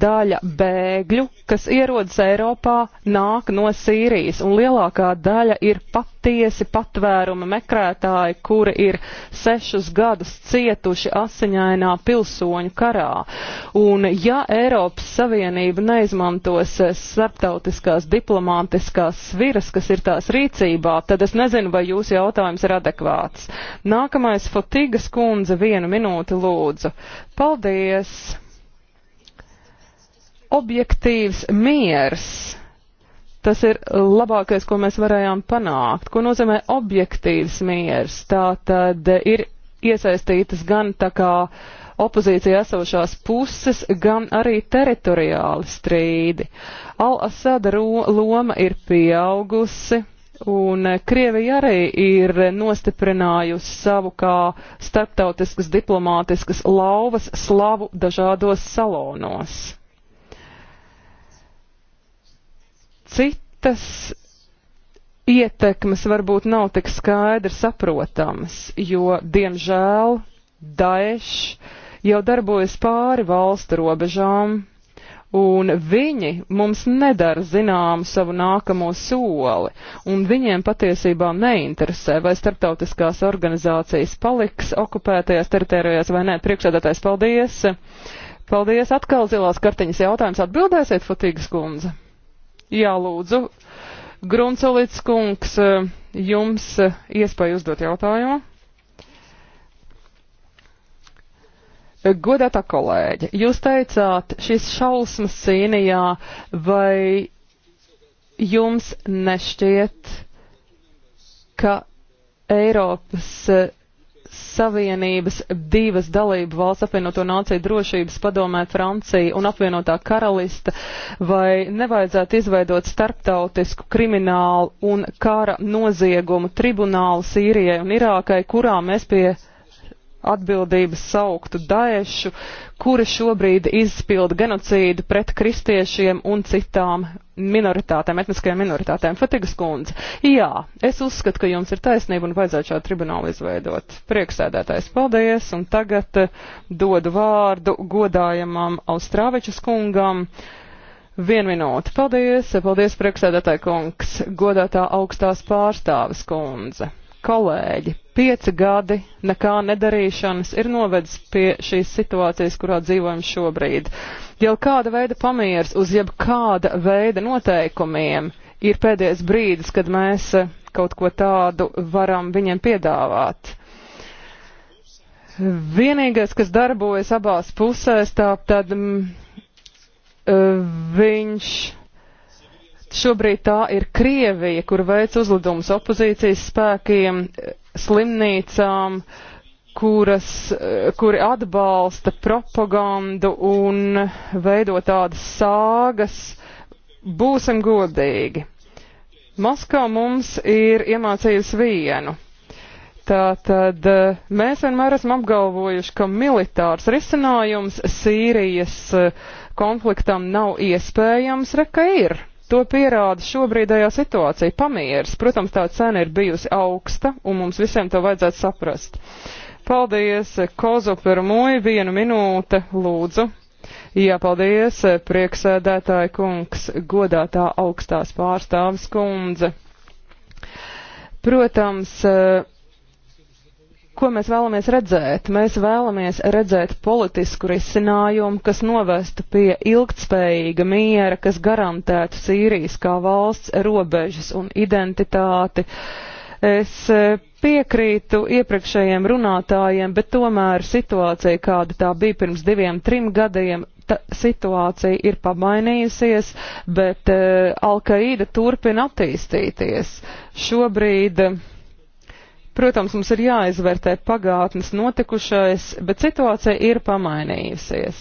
daļa bēgļu, kas ierodas Eiropā, nāk no Sīrijas, un lielākā daļa ir patiesi patvēruma meklētāji, kuri ir sešus gadus cietuši asiņainā pilsoņu karā. Un ja Eiropas Savienība neizmantos starptautiskās diplomātiskās sviras, kas ir tās rīcībā, tad es nezinu, vai jūsu jautājums ir adekvāts. Nākamais Fotigas kundze, vienu minūti lūdzu. Paldies! objektīvs miers. Tas ir labākais, ko mēs varējām panākt. Ko nozīmē objektīvs miers? Tā tad ir iesaistītas gan tā kā opozīcija esošās puses, gan arī teritoriāli strīdi. Al-Asada loma ir pieaugusi. Un Krievija arī ir nostiprinājusi savu kā starptautiskas diplomātiskas lauvas slavu dažādos salonos. citas ietekmes varbūt nav tik skaidri saprotamas, jo, diemžēl, Daesh jau darbojas pāri valstu robežām, un viņi mums nedara zinām savu nākamo soli, un viņiem patiesībā neinteresē, vai starptautiskās organizācijas paliks okupētajās teritorijās vai nē. Priekšsēdētājs, paldies! Paldies! Atkal zilās kartiņas jautājums atbildēsiet, Fotīgas kundze! Jā, lūdzu. Gruncelīts kungs, e, jums e, iespēja uzdot jautājumu. E, Godētā kolēģe, jūs teicāt, šis šausmas cīnījā, vai jums nešķiet, ka Eiropas Savienības divas dalību valsts apvienoto nāciju drošības padomē Francija un apvienotā karalista, vai nevajadzētu izveidot starptautisku kriminālu un kara noziegumu tribunālu Sīrijai un Irākai, kurā mēs pie atbildības sauktu Daešu, kura šobrīd izpilda genocīdu pret kristiešiem un citām minoritātēm, etniskajām minoritātēm. Fatigas kundze, jā, es uzskatu, ka jums ir taisnība un vajadzētu šādu tribunālu izveidot. Prieksēdētājs, paldies, un tagad eh, dodu vārdu godājamam Austrāvičus kungam. Vienu minūti. Paldies, paldies, prieksēdētāja kungs, godātā augstās pārstāves kundze. Kolēģi, pieci gadi nekā nedarīšanas ir novedis pie šīs situācijas, kurā dzīvojam šobrīd. Jau kāda veida pamieris uz jebkāda veida noteikumiem ir pēdējais brīdis, kad mēs eh, kaut ko tādu varam viņiem piedāvāt. Vienīgais, kas darbojas abās pusēs, tā tad m, mm, eh, viņš Šobrīd tā ir Krievija, kur veic uzlidumus opozīcijas spēkiem, slimnīcām, kuras, kuri atbalsta propagandu un veido tādas sāgas. Būsim godīgi. Maskava mums ir iemācījusi vienu. Tātad eh, mēs vienmēr esam apgalvojuši, ka militārs risinājums Sīrijas eh, konfliktam nav iespējams, reka ir. To pierāda šobrīdējā situācija - pamieris. Protams, tā cena ir bijusi augsta, un mums visiem to vajadzētu saprast. Paldies, Kozu par muju, vienu minūte, lūdzu. Jā, paldies, prieksēdētāja kungs, godātā augstās pārstāvis kundze. Protams, Ko mēs vēlamies redzēt? Mēs vēlamies redzēt politisku risinājumu, kas novestu pie ilgtspējīga miera, kas garantētu Sīrijas kā valsts robežas un identitāti. Es e, piekrītu iepriekšējiem runātājiem, bet tomēr situācija, kāda tā bija pirms diviem, trim gadiem, ta, situācija ir pamainījusies, bet uh, e, Alkaīda turpina attīstīties. Šobrīd uh, Protams, mums ir jāizvērtē pagātnes notikušais, bet situācija ir pamainījusies.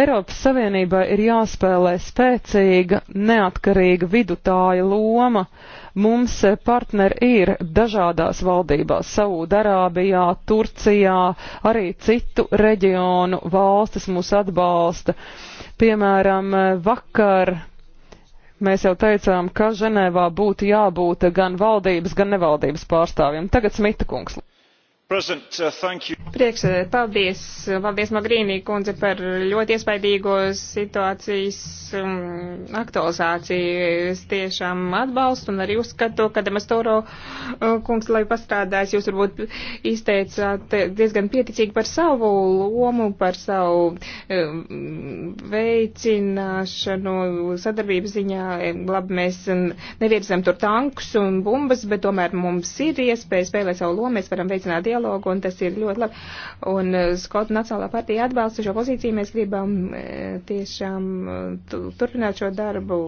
Eiropas Savienībai ir jāspēlē spēcīga, neatkarīga vidutāja loma. Mums partneri ir dažādās valdībās - Saudarābijā, Turcijā, arī citu reģionu valstis mūs atbalsta. Piemēram, vakar Mēs jau teicām, ka Ženēvā būtu jābūt gan valdības, gan nevaldības pārstāvjiem. Tagad Smita kungs. Uh, Priekšsēdētāji, paldies, paldies Magrīnī kundze par ļoti iespaidīgo situācijas um, aktualizāciju. Es tiešām atbalstu un arī uzskatu, ka Demastoro uh, kungs, lai pastrādājis, jūs varbūt izteicāt diezgan pieticīgi par savu lomu, par savu um, veicināšanu sadarbības ziņā. Labi, mēs nevirzam tur tankus un bumbas, bet tomēr mums ir iespēja spēlēt savu lomu, mēs varam veicināt dialogu dialogu, un tas ir ļoti labi. Un eh, Skotu Nacionālā partija atbalsta šo pozīciju. Mēs gribam eh, tiešām eh, turpināt šo darbu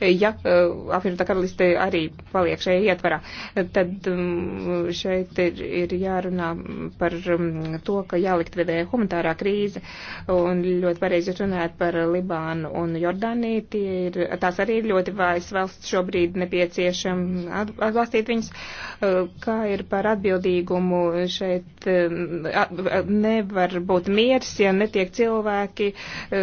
ja e, apvienotā karaliste arī paliek šajā ietvarā. Tad šeit ir, ir jārunā par to, ka jālikvidē humanitārā krīze un ļoti pareizi runājot par Libānu un Jordāniju. Ir, tās arī ir ļoti vājas valsts šobrīd nepieciešam atbalstīt viņas. E, kā ir par atbildīgumu šeit e, nevar būt miers, ja netiek cilvēki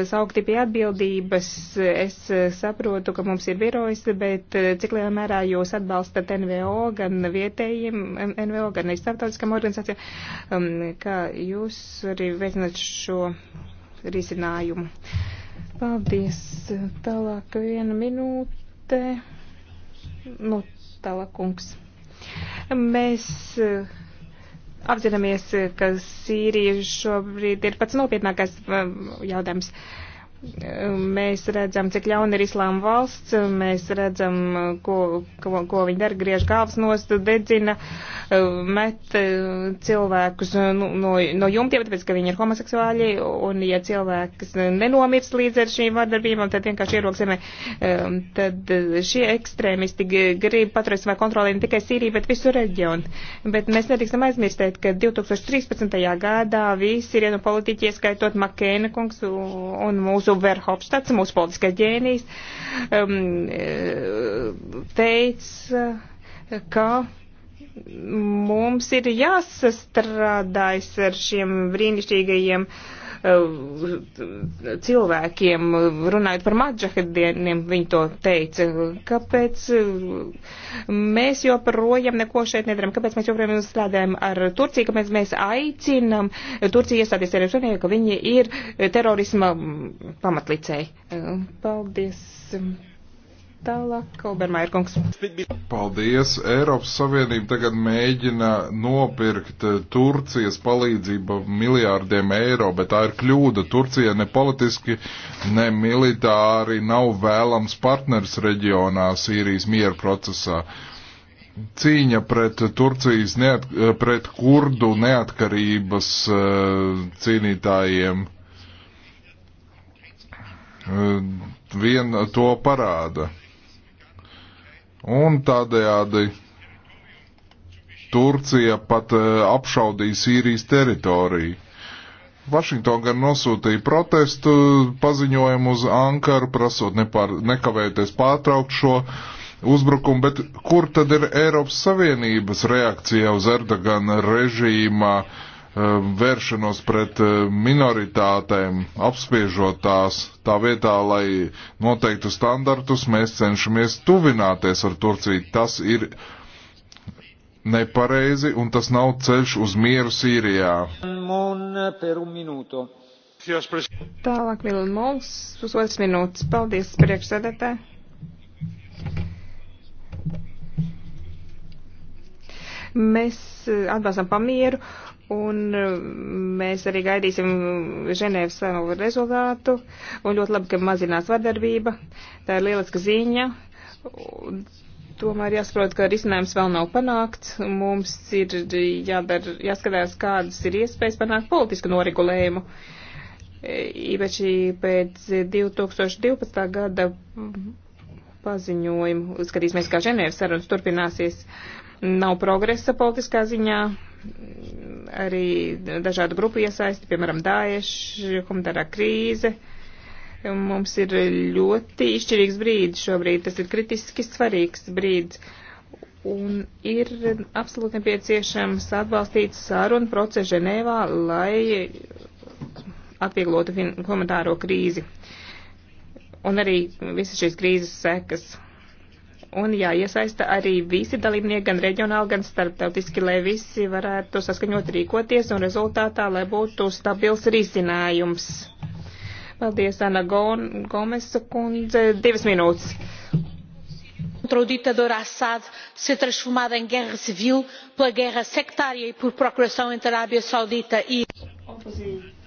saukti pie atbildības. Es saprotu, saprotu, ka mums ir birojas, bet eh, cik lielā mērā jūs atbalstat NVO, gan vietējiem NVO, gan arī starptautiskam organizācijām, um, kā jūs arī veicināt šo risinājumu. Paldies. Tālāk viena minūte. Nu, tālāk kungs. Mēs. Uh, apzināmies, ka Sīrija šobrīd ir pats nopietnākais eh, jautājums. Uh, Mēs redzam, cik ļauna ir islāma valsts, mēs redzam, ko, ko, ko viņi dara, griež galvas nost, dedzina, met eh, cilvēkus no, nu, no, no jumtiem, tāpēc, ka viņi ir homoseksuāļi, un ja cilvēks nenomirs līdz ar šīm vardarbībām, tad vienkārši ierok zemē. Ehm, tad eh, šie ekstrēmisti grib paturēt vai kontrolēt ne tikai Sīriju, bet visu reģionu. Bet mēs nedrīkstam aizmirstēt, ka 2013. gadā visi ir politiķi, ieskaitot Makēna kungs un mūsu visu Verhofstads, mūsu politiskais ģēnijs, um, teica, ka mums ir jāsastrādājas ar šiem brīnišķīgajiem uh, Eh, cilvēkiem, runājot par madžahadieniem, viņi to teica. Kāpēc eh, mēs joprojām neko šeit nedaram? Kāpēc mēs joprojām strādājam ar Turciju? Kāpēc mēs aicinam Turciju iestāties Eiropas Savienībā, ka viņi ir terorisma pamatlicēji? Eh, paldies. Tālāk, Kaubermaier kungs. Paldies! Eiropas Savienība tagad mēģina nopirkt eh, Turcijas palīdzību miljārdiem eiro, bet tā ir kļūda. Turcija ne politiski, ne militāri nav vēlams partners reģionā Sīrijas mieru procesā cīņa pret Turcijas, neat, eh, pret kurdu neatkarības eh, cīnītājiem vien to parāda. Un tādējādi Turcija pat e, apšaudīja Sīrijas teritoriju. Vašingtona gan nosūtīja protestu paziņojumu uz Ankaru, prasot nepār, nekavēties pārtraukt šo uzbrukumu, bet kur tad ir Eiropas Savienības reakcija uz Erdogana režīma uh, Eh, vēršanos pret eh, minoritātēm, apspiežot tās. Tā vietā, lai noteiktu standartus, mēs cenšamies tuvināties ar Turciju. Tas ir nepareizi un tas nav ceļš uz mieru Sīrijā. Tālāk, Milan Mols, pusotras minūtes. Paldies, priekšsēdētāji. Mēs eh, atbalstam pamieru Un mm, mēs arī gaidīsim Ženēvas savu rezultātu. Un ļoti labi, ka mazinās vardarbība. Tā ir lieliska ziņa. Tomēr jāsaprot, ka risinājums vēl nav panākts. Mums ir jādara, jāskatās, kādas ir iespējas panākt politisku noregulējumu. Īpaši pēc 2012. gada paziņojumu. Skatīsimies, kā Ženēvas sarunas turpināsies. Nav progresa politiskā ziņā arī dažādu grupu iesaisti, piemēram, Dāieša, humanitārā krīze. Mums ir ļoti izšķirīgs brīdis šobrīd, tas ir kritiski svarīgs brīdis. Un ir absolūti nepieciešams atbalstīt sarunu procesu Ženēvā, lai atvieglotu humanitāro krīzi. Un arī visas šīs krīzes sekas un jāiesaista arī visi dalībnieki, gan reģionāli, gan starptautiski, lai visi varētu saskaņot rīkoties un rezultātā, lai būtu stabils risinājums. Paldies, Ana Gomesa kundze. Divas minūtes. Contra o ditador Assad ser transformada em guerra civil pela guerra sectária e por procuração entre a Arábia Saudita e. Oposīcija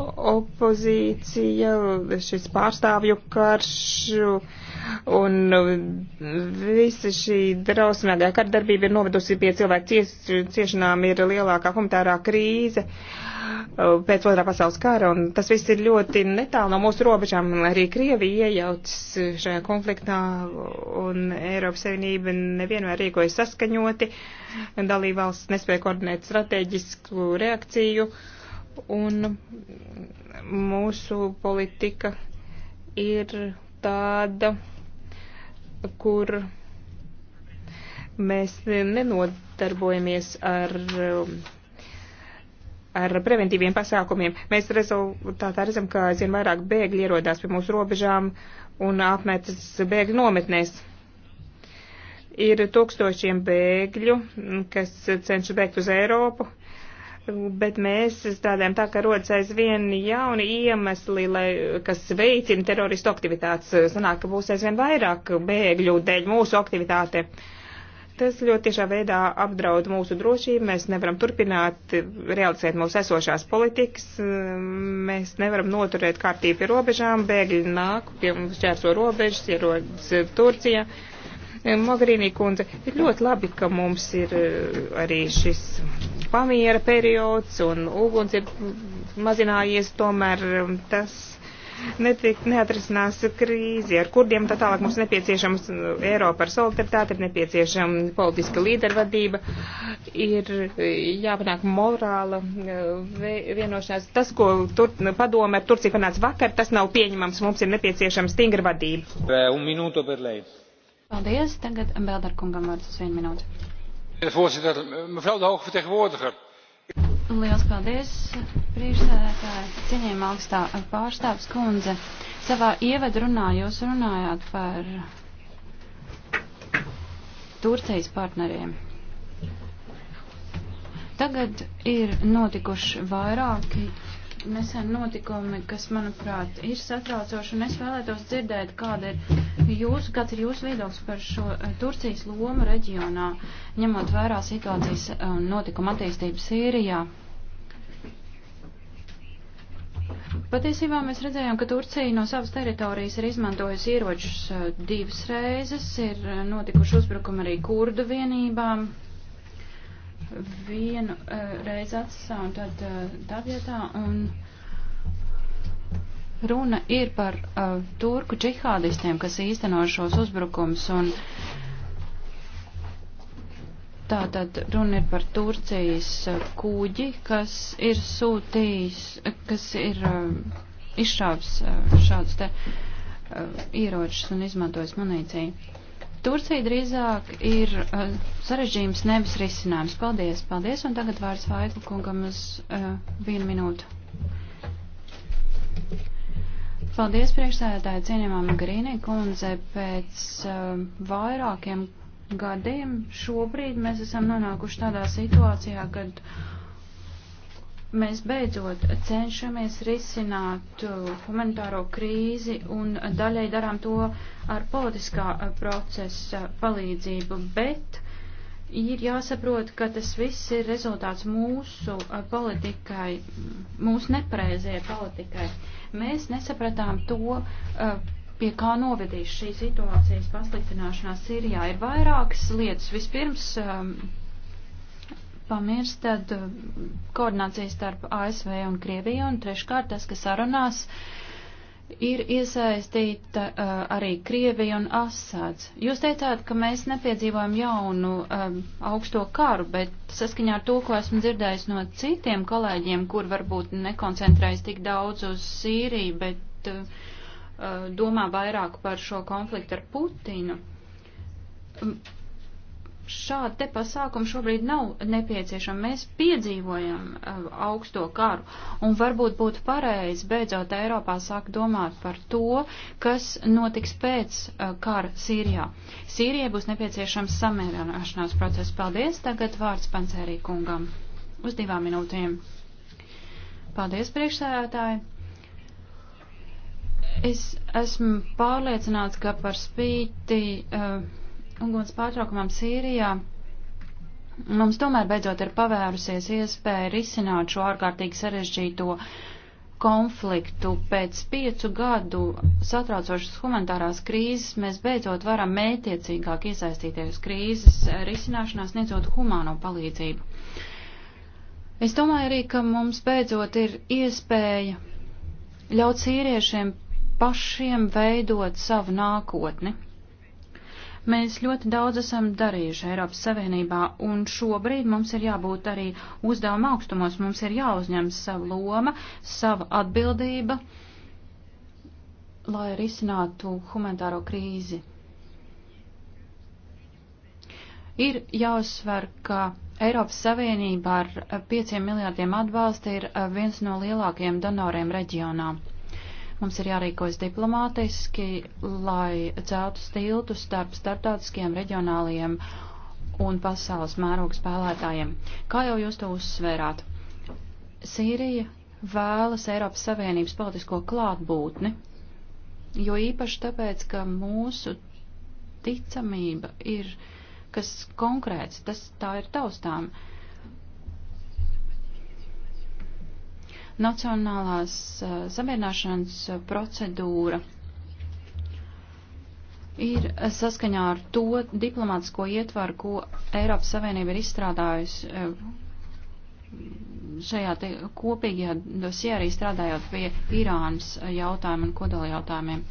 opozīcija, šis pārstāvju karš un visa šī drausmīgā kardarbība ir novedusi pie cilvēku cies, ciešanām, ir lielākā humanitārā krīze uh, pēc otrā pasaules kara, un tas viss ir ļoti netālu no mūsu robežām, arī Krievija iejaucas šajā konfliktā, un Eiropas Savienība nevienmēr rīkojas saskaņoti, dalībvalsts nespēja koordinēt strateģisku reakciju. Uh, un mūsu politika ir tāda, kur mēs nenodarbojamies ar, ar preventīviem pasākumiem. Mēs rezultātā redzam, ka aizvien vairāk bēgļi ierodās pie mūsu robežām un apmetas bēgļu nometnēs. Ir tūkstošiem bēgļu, kas cenšas bēgt uz Eiropu bet mēs strādājam tā, ka rodas aizvien jauni iemesli, lai, kas veicina teroristu aktivitātes. Sanāk, ka būs aizvien vairāk bēgļu dēļ mūsu aktivitāte. Tas ļoti tiešā veidā apdraud mūsu drošību. Mēs nevaram turpināt realizēt mūsu esošās politikas. Mēs nevaram noturēt kārtību pie robežām. Bēgļi nāk, pie mums čērso robežas, ierodas Turcija. Mogarīnī kundze, ir ļoti labi, ka mums ir eh, arī šis pamiera periods un uguns ir mazinājies, tomēr um, tas netik, neatrisinās krīzi. Ar kurdiem tā tālāk mums nepieciešams uh, Eiropa ar solidaritāti, ir nepieciešama politiska līdervadība, ir uh, jāpanāk morāla uh, vienošanās. Tas, ko tur, nu, padome ar Turciju panāca vakar, tas nav pieņemams. Mums ir nepieciešama stingra vadība. Un minūte par lei. Paldies. Tagad Beldarkungam vārds uz vienu minūti. Voorzitter, mevrouw de hoogvertegenwoordiger. Liels paldies, priekšsēdētāji, cienījuma augstā pārstāvs kundze. Savā ievadrunā jūs runājāt par Turcijas partneriem. Tagad ir notikuši vairāki nesen notikumi, kas, manuprāt, ir satraucoši, un es vēlētos dzirdēt, kāda ir jūsu, kāds ir jūsu viedoklis par šo eh, Turcijas lomu reģionā, ņemot vērā situācijas un eh, notikuma attīstību Sīrijā. Patiesībā mēs redzējām, ka Turcija no savas teritorijas ir izmantojusi ieročus eh, divas reizes, ir notikuši uzbrukumi arī kurdu vienībām, vienu uh, reizi atsā un tad uh, eh, dabietā. Un runa ir par uh, turku džihādistiem, kas īsteno šos uzbrukums. Un tātad runa ir par Turcijas uh, kūģi, kas ir sūtījis, kas ir uh, izšāvis uh, šādus te uh, ieročus un izmantojis munīciju. Turcija drīzāk ir uh, sarežģījums, nevis risinājums. Paldies, paldies, un tagad vārds Vaigla kungam uz uh, vienu minūtu. Paldies, priekšsēdētāji, cienījumā Magarīnī kundze, pēc uh, vairākiem gadiem šobrīd mēs esam nonākuši tādā situācijā, kad uh, Mēs beidzot cenšamies risināt uh, humanitāro krīzi un daļai darām to ar politiskā uh, procesa palīdzību, bet ir jāsaprot, ka tas viss ir rezultāts mūsu uh, politikai, mūsu nepareizajai politikai. Mēs nesapratām to, pie kā novedīs šī situācijas pasliktināšanās Sīrijā. Ir vairākas lietas. Vispirms um, pamirst, tad uh, koordinācija starp ASV un Krieviju un treškārt tas, ka sarunās ir iesaistīta uh, arī Krievija un Asāds. Jūs teicāt, ka mēs nepiedzīvojam jaunu um, augsto karu, bet saskaņā ar to, ko esmu dzirdējis no citiem kolēģiem, kur varbūt nekoncentrējas tik daudz uz Sīriju, bet uh, uh domā vairāk par šo konfliktu ar Putinu. Um, šādi te pasākumi šobrīd nav nepieciešami. Mēs piedzīvojam uh, augsto karu, un varbūt būtu pareizi beidzot Eiropā sāk domāt par to, kas notiks pēc uh, kara Sīrijā. Sīrijai būs nepieciešams samierināšanās process. Paldies, tagad vārds Pancerī kungam. Uz divām minūtēm. Paldies, priekšsēdētāji. Es esmu pārliecināts, ka par spīti. Uh, uguns pārtraukumam Sīrijā, mums tomēr beidzot ir pavērusies iespēja risināt šo ārkārtīgi sarežģīto konfliktu. Pēc piecu gadu satraucošas humanitārās krīzes mēs beidzot varam mētiecīgāk iesaistīties krīzes risināšanā, sniedzot humāno palīdzību. Es domāju arī, ka mums beidzot ir iespēja ļaut sīriešiem pašiem veidot savu nākotni. Mēs ļoti daudz esam darījuši Eiropas Savienībā, un šobrīd mums ir jābūt arī uzdevuma augstumos. Mums ir jāuzņem sava loma, sava atbildība, lai risinātu humanitāro krīzi. Ir jāuzsver, ka Eiropas Savienība ar 5 miljārdiem atbalsta ir viens no lielākajiem donoriem reģionā. Mums ir jārīkojas diplomātiski, lai celtu stiltu starp starptautiskiem, reģionāliem un pasaules mērogu spēlētājiem. Kā jau jūs to uzsvērāt? Sīrija vēlas Eiropas Savienības politisko klātbūtni, jo īpaši tāpēc, ka mūsu ticamība ir kas konkrēts, tas tā ir taustām. Uh, nacionālās eh, samierināšanas procedūra ir saskaņā ar to diplomātisko ietvaru, ko Eiropas Savienība ir izstrādājusi eh, šajā kopīgajā dosijā arī strādājot pie Irānas jautājuma un kodola jautājumiem.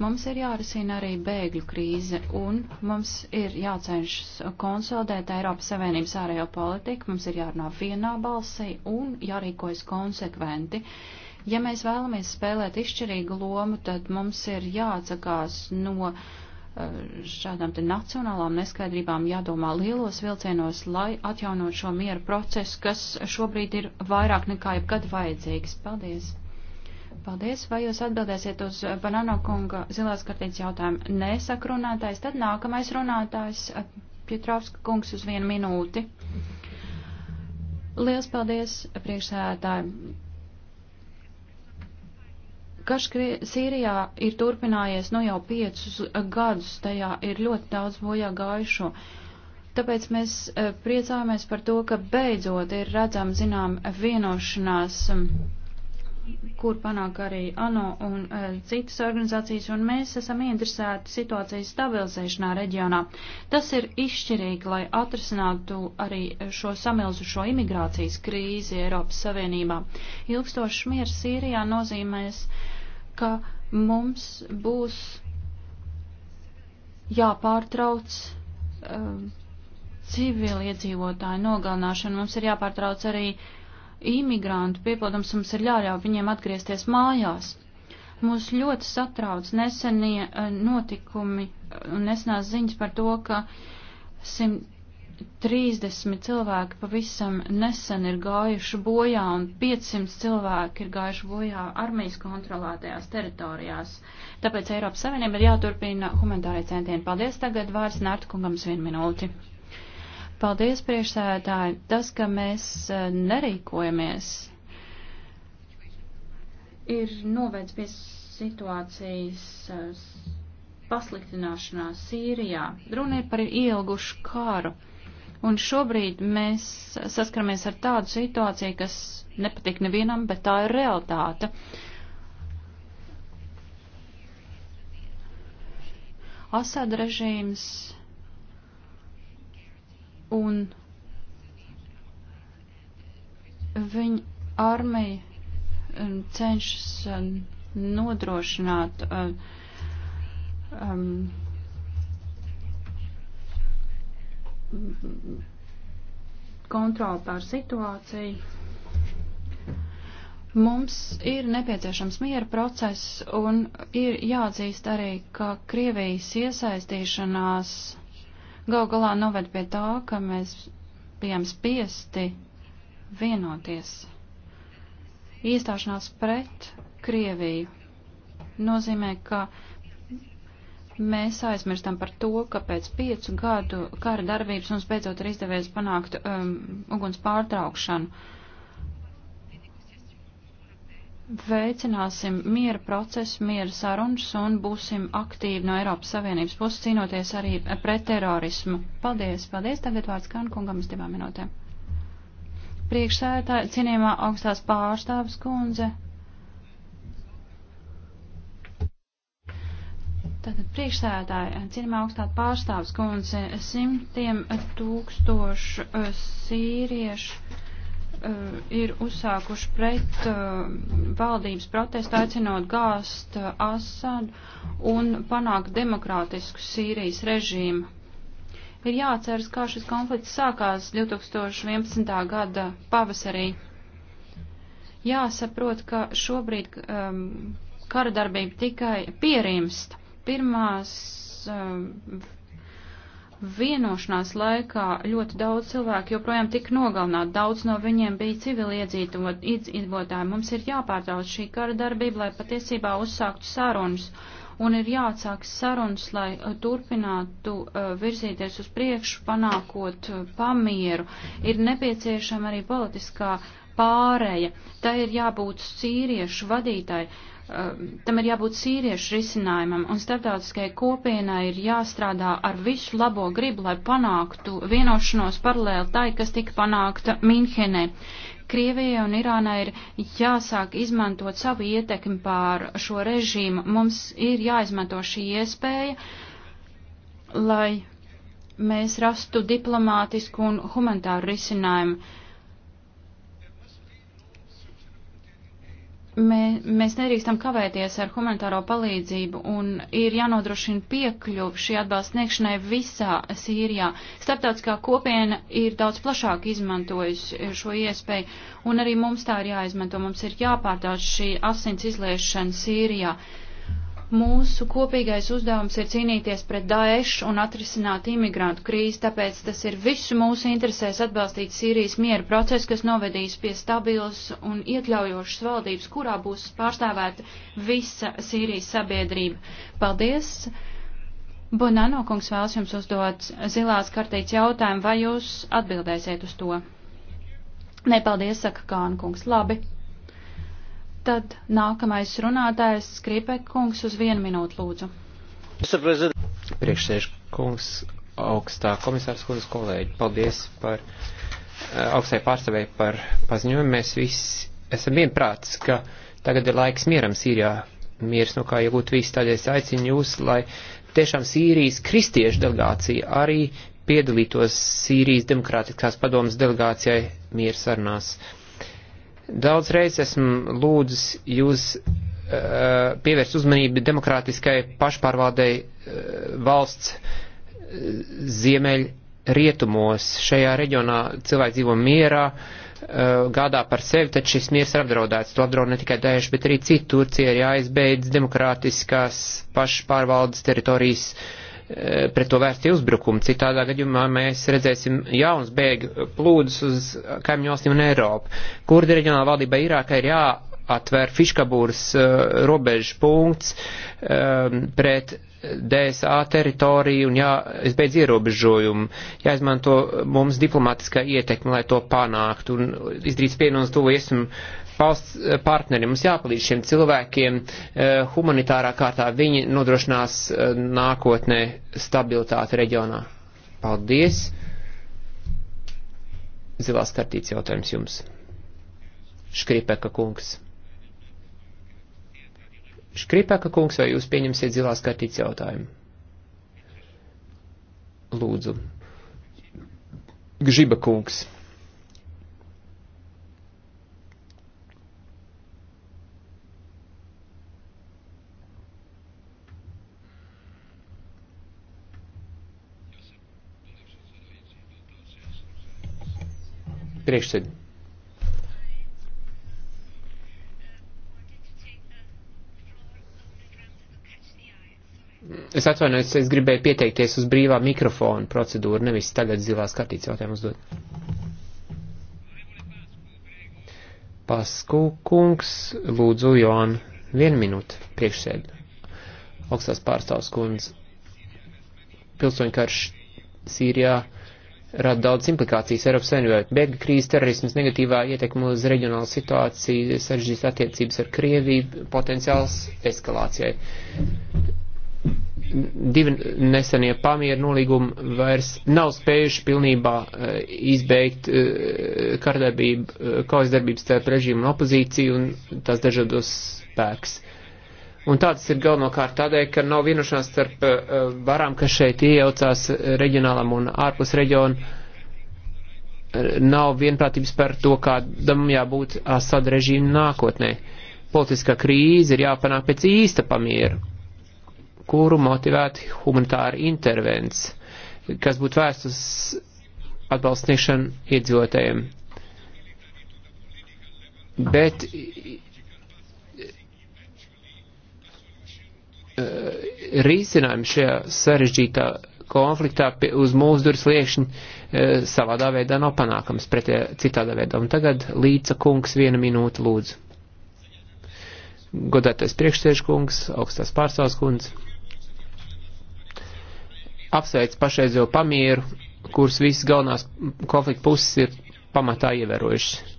Mums ir jārisina arī bēgļu krīze un mums ir jācenšas konsolidēt Eiropas Savienības ārējo politiku, mums ir jārunā vienā balsī un jārīkojas konsekventi. Ja mēs vēlamies spēlēt izšķirīgu lomu, tad mums ir jāatsakās no uh, šādām te nacionālām neskaidrībām jādomā lielos vilcienos, lai atjaunot šo mieru procesu, kas šobrīd ir vairāk nekā jebkad vajadzīgs. Paldies! Paldies, vai jūs atbildēsiet uz Banano kunga zilās kartītes jautājumu? Nē, saka runātājs, tad nākamais runātājs, eh, Pietrovska kungs uz vienu minūti. Liels paldies, priekšsēdētāji. Karš Sīrijā ir turpinājies nu jau piecus gadus, tajā ir ļoti daudz bojā gājušo. Tāpēc mēs eh, priecājamies par to, ka beidzot ir redzama zinām vienošanās kur panāk arī ANO un uh, citas organizācijas, un mēs esam interesēti situācijas stabilizēšanā reģionā. Tas ir izšķirīgi, lai atrisinātu arī šo samilzušo imigrācijas krīzi Eiropas Savienībā. Ilgstošs miers Sīrijā nozīmēs, ka mums būs jāpārtrauc uh, civiliedzīvotāju nogalināšana, mums ir jāpārtrauc arī uh, imigrantu piepildums mums ir jāļauj viņiem atgriezties mājās. Mūs ļoti satrauc nesenie eh, notikumi un eh, nesenās ziņas par to, ka 130 cilvēki pavisam nesen ir gājuši bojā un 500 cilvēki ir gājuši bojā armijas kontrolētajās teritorijās. Tāpēc Eiropas Savienība ir jāturpina humanitārie centieni. Paldies tagad vārds Nārta kungams vienu minūti. Paldies, priekšsēdētāji. Tas, ka mēs e, nerīkojamies, ir novēdz pie situācijas e, pasliktināšanās Sīrijā. Runa ir par ielgušu kāru. Un šobrīd mēs saskaramies ar tādu situāciju, kas nepatīk nevienam, bet tā ir realitāte. Asad režīms un viņa armija um, cenšas um, nodrošināt uh, um, kontroli pār situāciju. Mums ir nepieciešams miera process un ir jāatzīst arī, ka Krievijas iesaistīšanās gal galā noved pie tā, ka mēs bijām spiesti vienoties. Iestāšanās pret Krieviju nozīmē, ka mēs aizmirstam par to, ka pēc piecu gadu kara darbības mums beidzot ir izdevies panākt um, uguns pārtraukšanu. Uh, veicināsim miera procesu, miera sarunas un būsim aktīvi no Eiropas Savienības puses cīnoties arī pret terorismu. Paldies, paldies. Tagad vārds Kankungam uz divām minūtēm. Priekšsētāja, cienījumā augstās pārstāvis kundze. Tātad priekšsētāja, cienījumā augstās pārstāvis kundze, simtiem tūkstošu uh, sīriešu uh, ir uzsākuši pret uh, valdības protestu, aicinot gāzt uh, Asadu un panākt demokrātisku Sīrijas režīmu. Ir jāatceras, kā šis konflikts sākās 2011. gada pavasarī. Jāsaprot, ka šobrīd um, kara darbība tikai pierimst. Pirmās um, vienošanās laikā ļoti daudz cilvēku joprojām tika nogalināti, daudz no viņiem bija civiliedzīvotāji. Mums ir jāpārtrauc šī kara darbība, lai patiesībā uzsāktu sarunas, un ir jāatsāk sarunas, lai uh, turpinātu uh, virzīties uz priekšu, panākot uh, pamieru. Ir nepieciešama arī politiskā pārēja. Tā ir jābūt sīriešu vadītāji Um, tam ir jābūt sīriešu risinājumam, un starptautiskajai kopienai ir jāstrādā ar visu labo gribu, lai panāktu vienošanos paralēli tai, kas tika panākta Minhenē. Krievijai un Irānai ir jāsāk izmantot savu ietekmi pār šo režīmu. Mums ir jāizmanto šī iespēja, lai mēs rastu diplomātisku un humanitāru risinājumu. Mē, mēs nedrīkstam kavēties ar humanitāro palīdzību un ir jānodrošina piekļuvi šī atbalsta sniegšanai visā Sīrijā. Starptautiskā kopiena ir daudz plašāk izmantojusi šo iespēju un arī mums tā ir jāizmanto. Mums ir jāpārtauc šī asins izliešana Sīrijā. Uh, Mūsu kopīgais uzdevums ir cīnīties pret Daešu un atrisināt imigrantu krīzi, tāpēc tas ir visu mūsu interesēs atbalstīt Sīrijas miera procesu, kas novedīs pie stabilas un iekļaujošas valdības, kurā būs pārstāvēta visa Sīrijas sabiedrība. Paldies! Bonano kungs vēlas jums uzdot zilās kartītes jautājumu, vai jūs atbildēsiet uz to? Nepaldies, saka Kāna kungs. Labi. Tad nākamais runātājs Skripek kungs uz vienu minūtu lūdzu. Priekšsēž kungs, augstā komisārs kungs, kolēģi, paldies par eh, augstai pārstāvēji par paziņojumu. Mēs visi esam vienprāts, ka tagad ir laiks mieram Sīrijā. Miers, no kā iegūt visu, tādēļ es aicinu jūs, lai tiešām Sīrijas kristiešu delegācija arī piedalītos Sīrijas demokrātiskās padomas delegācijai mieru sarunās. Uh, Daudzreiz esmu lūdzis jūs uh, pievērst uzmanību demokrātiskai pašpārvaldei uh, valsts uh, ziemeļ rietumos. Šajā reģionā cilvēki dzīvo mierā, gādā par sevi, taču šis miers ir apdraudēts. To apdraud ne tikai Daesh, bet arī citi Turcija ir jāizbeidz demokrātiskās pašpārvaldes teritorijas uh, Eh, pret to vērsti uzbrukumu. Citādā gadījumā mēs redzēsim jaunas bēgļu plūdus uz kaimiņu valstīm un Eiropu. Kurdi reģionāla valdība Irākai ir jāatver Fiškabūras uh, robežu punkts um, pret DSA teritoriju un jāizbeidz ierobežojumu, jāizmanto mums diplomatiskā ietekme, lai to panāktu un izdarīt spiedienu uz to, lai esam uh, Eh, partneri. Mums jāpalīdz šiem cilvēkiem eh, humanitārā kārtā. Viņi nodrošinās eh, nākotnē stabilitāti reģionā. Paldies! Zilās kartīts jautājums jums. Škripeka kungs. Škripeka kungs, vai jūs pieņemsiet zilās kartīts jautājumu? Lūdzu. Gžiba kungs. Priekšsēd. Es atvainojos, es gribēju pieteikties uz brīvā mikrofona procedūru, nevis tagad zilās kartītes jautājumu uzdot. Pasku kungs, lūdzu, Joan, vienu minūti priekšsēd. Augstās pārstāvs kundze. Pilsoņu karš Sīrijā rada daudz implikācijas Eiropas Savienībai. Bēgļu krīze, terorismas negatīvā ietekme uz reģionālu situāciju, sarežģītas attiecības ar Krieviju, potenciāls eskalācijai. Divi nesenie pamieru nolīgumi vairs nav spējuši pilnībā eh, izbeigt eh, kardarbību, eh, kaujas darbības starp režīmu un opozīciju un tās dažādos spēks. Un tāds ir galvenokārt tādēļ, ka nav vienošanās starp varām, eh, eh, kas šeit iejaucās eh, reģionālam un ārpus reģionu. Nav vienprātības par to, kādam jābūt Asad režīmu nākotnē. Politiskā krīze ir jāpanāk pēc īsta pamiera, kuru motivētu humanitāra intervents, kas būtu vērsts uz atbalstu sniegšanu iedzīvotājiem. Bet Eh, risinājumu šajā sarežģītā konfliktā pie, uz mūsu durvis liekšņa eh, savādā veidā nav panākams pret eh, citādā veidā. Un tagad līdza kungs viena minūte lūdzu. Godātais priekšsēžkungs, augstās pārstāvs kundz. Apsveic pašreizējo pamieru, kuras visas galvenās konflikta puses ir pamatā ievērojušas.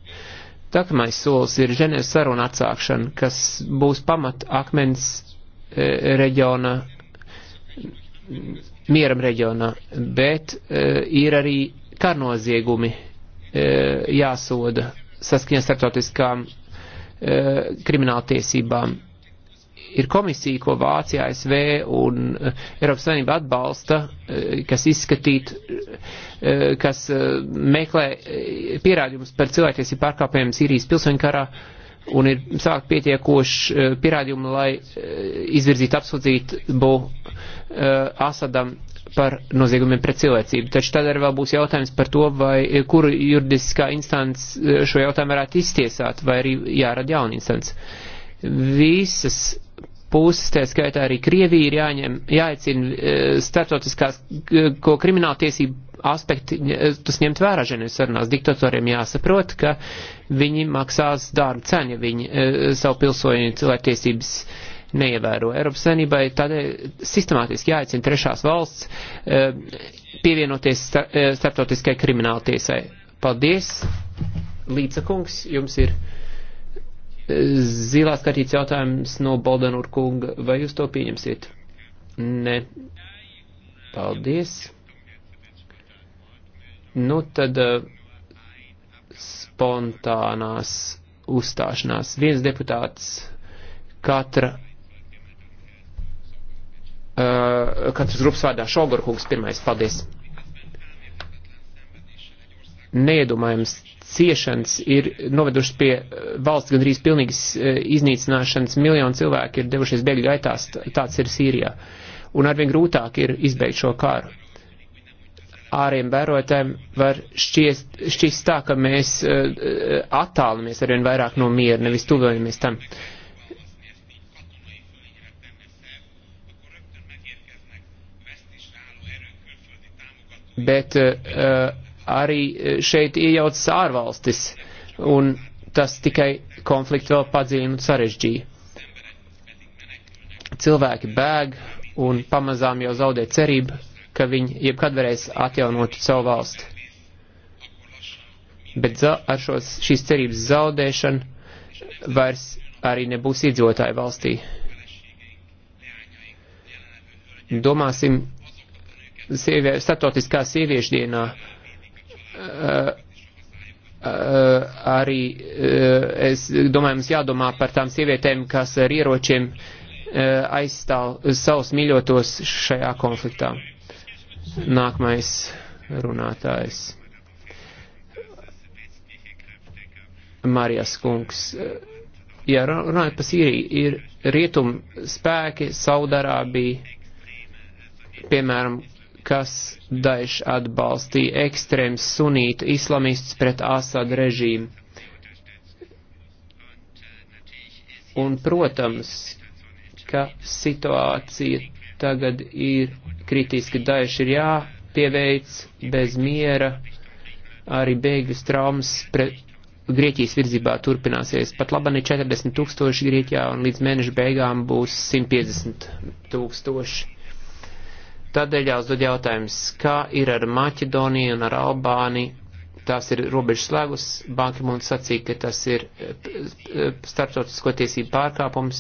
Takamais solis ir Ženēvas saruna atsākšana, kas būs pamat akmens E, reģiona, mieram reģiona, bet e, ir arī karnoziegumi e, jāsoda saskaņā starptautiskām krimināltiesībām. Ir komisija, ko Vācija, ASV un Eiropas Savienība atbalsta, kas izskatīt, kas meklē pierādījumus par cilvēktiesību pārkāpējiem Sīrijas pilsoņu karā. Uh, un ir sākt pietiekoši eh, pierādījumi, lai eh, izvirzītu apsūdzību eh, Asadam par noziegumiem pret cilvēcību. Taču tad arī vēl būs jautājums par to, vai kuru juridiskā instants šo jautājumu varētu iztiesāt, vai arī jārada jauna instants. Visas puses, tā skaitā arī Krievija ir jāņem, jāicina e, starptautiskās e, ko krimināltiesību aspekti, e, tas ņemt vērā ženēs sarunās. Diktatoriem jāsaprot, ka viņi maksās dārgu cenu, ja viņi savu pilsoņu cilvēktiesības neievēro. Eiropas Savienībai tādēļ sistemātiski jāicina trešās valsts pievienoties starptautiskai krimināltiesai. Paldies, Līdza kungs, jums ir. Zilās kartītes jautājums no Baldanur kunga. Vai jūs to pieņemsiet? Nē. Paldies. Nu tad eh, spontānās uzstāšanās. Viens deputāts katra Uh, katras grupas vārdā Šogorkungs pirmais. Paldies. Neiedomājams ciešanas ir novedušas pie eh, valsts gandrīz pilnīgas eh, iznīcināšanas. Miljoni cilvēki ir devušies bēgļu gaitās, tāds ir Sīrijā. Un arvien grūtāk ir izbeigt šo kāru. Āriem vērotēm var šķiest, šķist tā, ka mēs eh, attālamies arvien vairāk no miera, nevis tuvojamies tam. Bet uh, arī e, šeit iejaucas ārvalstis, un tas tikai konfliktu vēl padziļina un sarežģīja. Cilvēki bēg un pamazām jau zaudē cerību, ka viņi jebkad varēs atjaunot savu valsti. Bet ar šos, šīs cerības zaudēšanu vairs arī nebūs iedzīvotāji valstī. Domāsim, sievie, statotiskā sieviešu dienā Eh, eh, arī eh, es domāju, mums jādomā par tām sievietēm, kas ar ieročiem aizstāv savus mīļotos šajā konfliktā. Nākamais runātājs. Marijas kungs. Ja runājot par Sīriju, ir rietum spēki, Saudarābija, piemēram, kas Daesh atbalstīja ekstrēms sunītu islamists pret Asad režīmu. Un, protams, ka situācija tagad ir kritiski. Daesh ir jāpieveic bez miera, arī bēgļu traumas pret Grieķijas virzībā turpināsies. Pat labani 40 tūkstoši Grieķijā un līdz mēneša beigām būs 150 tūkstoši. Tādēļ jāuzdod jautājums, kā ir ar Maķedoniju un ar Albāniju. Tās ir robežas slēgus. Banka mums sacīja, ka tas ir eh, starptautisko tiesību pārkāpums.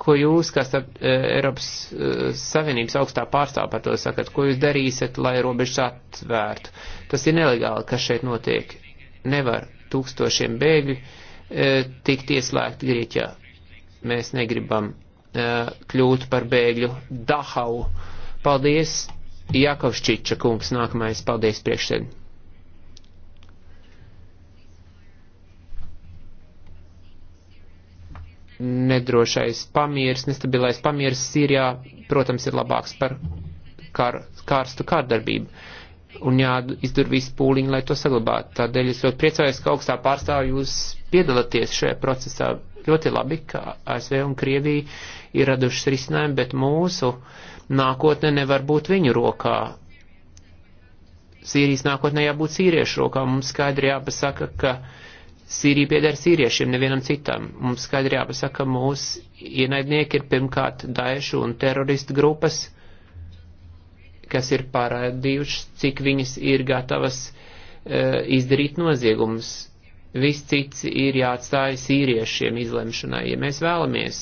Ko jūs, kā starp, eh, Eiropas eh, Savienības augstā pārstāvja par to sakat, ko jūs darīsiet, lai robežas atvērtu? Tas ir nelegāli, kas šeit notiek. Nevar tūkstošiem bēgļu tikt ieslēgt Grieķijā. Mēs negribam kļūt par bēgļu Dahau. Paldies, Jakovšķiča kungs, nākamais. Paldies, priekšsēd. Nedrošais pamieris, nestabilais pamieris Sīrijā, protams, ir labāks par kar, kārstu kārdarbību. Un jāizdara visu pūliņu, lai to saglabātu. Tādēļ es ļoti priecājos, ka augstā pārstāvja jūs piedalāties šajā procesā. Ļoti labi, ka ASV un Krievija ir radušas risinājumu, bet mūsu uh, nākotne nevar būt viņu rokā. Sīrijas nākotnē jābūt sīriešu rokā. Mums skaidri jāpasaka, ka Sīrija pieder sīriešiem, nevienam citam. Mums skaidri jāpasaka, ka mūsu ienaidnieki ir pirmkārt daešu un teroristu grupas, kas ir parādījušas, cik viņas ir gatavas uh, izdarīt noziegumus. Viss cits ir jāatstāja sīriešiem izlemšanai, ja mēs vēlamies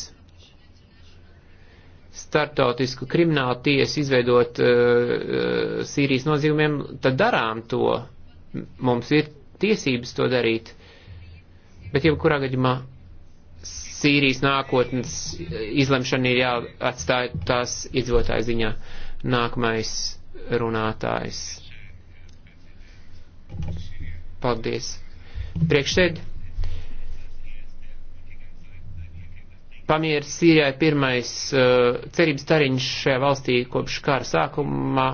startautisku kriminālu tiesu izveidot uh, Sīrijas nozīmēm, tad darām to. Mums ir tiesības to darīt. Bet jebkurā gadījumā Sīrijas nākotnes izlemšana ir jāatstāj tās iedzīvotāju ziņā. Nākamais runātājs. Paldies. Priekšsēdi. Pamieris Sīrijai pirmais uh, cerības tariņš šajā valstī kopš kara sākumā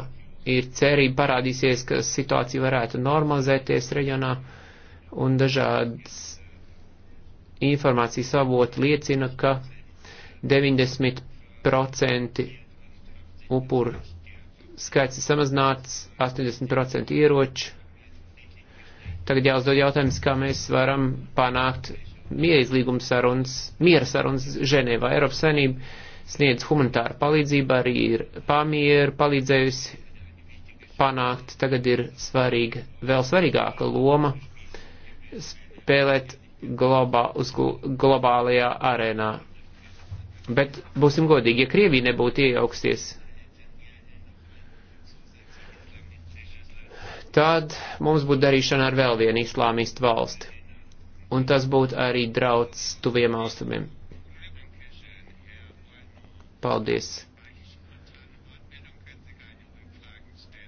ir cerība parādīsies, ka situācija varētu normalizēties reģionā un dažādas informācijas avoti liecina, ka 90% upuru skaits ir samazināts, 80% ieroči. Tagad jāuzdod jautājums, kā mēs varam panākt mierīgums sarunas, miera sarunas Ženēvā. Eiropas Savienība sniedz humanitāru palīdzību, arī ir pamieru palīdzējusi panākt. Tagad ir svarīga, vēl svarīgāka loma spēlēt globā, uz globālajā arēnā. Bet būsim godīgi, ja Krievija nebūtu iejauksties, tad mums būtu darīšana ar vēl vienu islāmistu valsti un tas būtu arī drauds tuviem austrumiem. Paldies!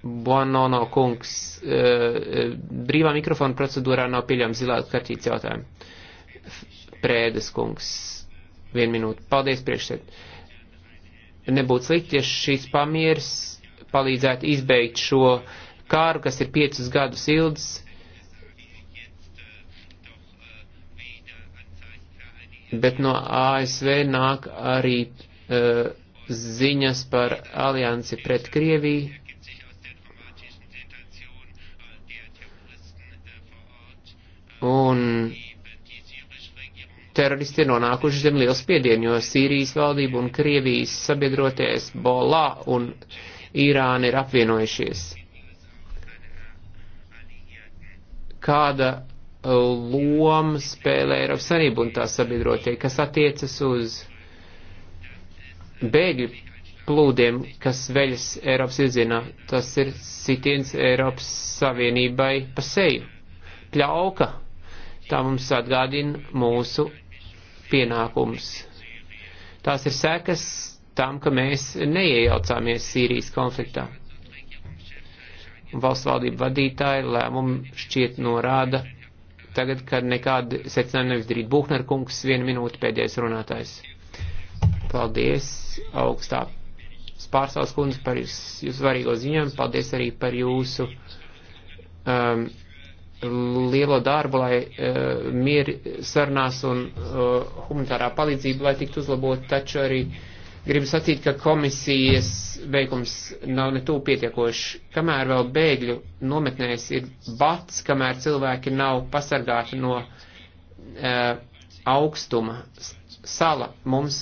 Buonono kungs, eh, eh, brīvā mikrofona procedūrā nav pieļams zilā kartīts jautājumu. Prēdes kungs, vien minūte. Paldies priekšsēd. Nebūtu slikti, ja šīs pamieres palīdzētu izbeigt šo kāru, kas ir piecus gadus ilgs bet no ASV nāk arī uh, ziņas par aliansi pret Krieviju. Un teroristi ir nonākuši zem liels spiedienu, jo Sīrijas valdība un Krievijas sabiedroties Bolā un Irāna ir apvienojušies. Kāda lomu spēlē Eiropas Savienība un tās sabiedrotie, kas attiecas uz bēgļu plūdiem, kas veļas Eiropas virzienā. Tas ir sitiens Eiropas Savienībai pa seju. Pļauka. Tā mums atgādina mūsu pienākumus. Tās ir sekas tam, ka mēs neiejaucāmies Sīrijas konfliktā valsts valdību vadītāji lēmumu šķiet norāda, tagad, kad nekādi secinājumi nevis darīt. Buhner kungs, viena minūte pēdējais runātājs. Paldies, augstā spārstāvs kundze, par jūsu svarīgo ziņojumu. Paldies arī par jūsu um, lielo darbu, lai uh, mieru sarunās un uh, humanitārā palīdzība, lai tiktu uzlabot, taču arī uh, Gribu sacīt, ka komisijas veikums nav netū pietiekoši. Kamēr vēl bēgļu nometnēs ir bats, kamēr cilvēki nav pasargāti no e, augstuma sala, mums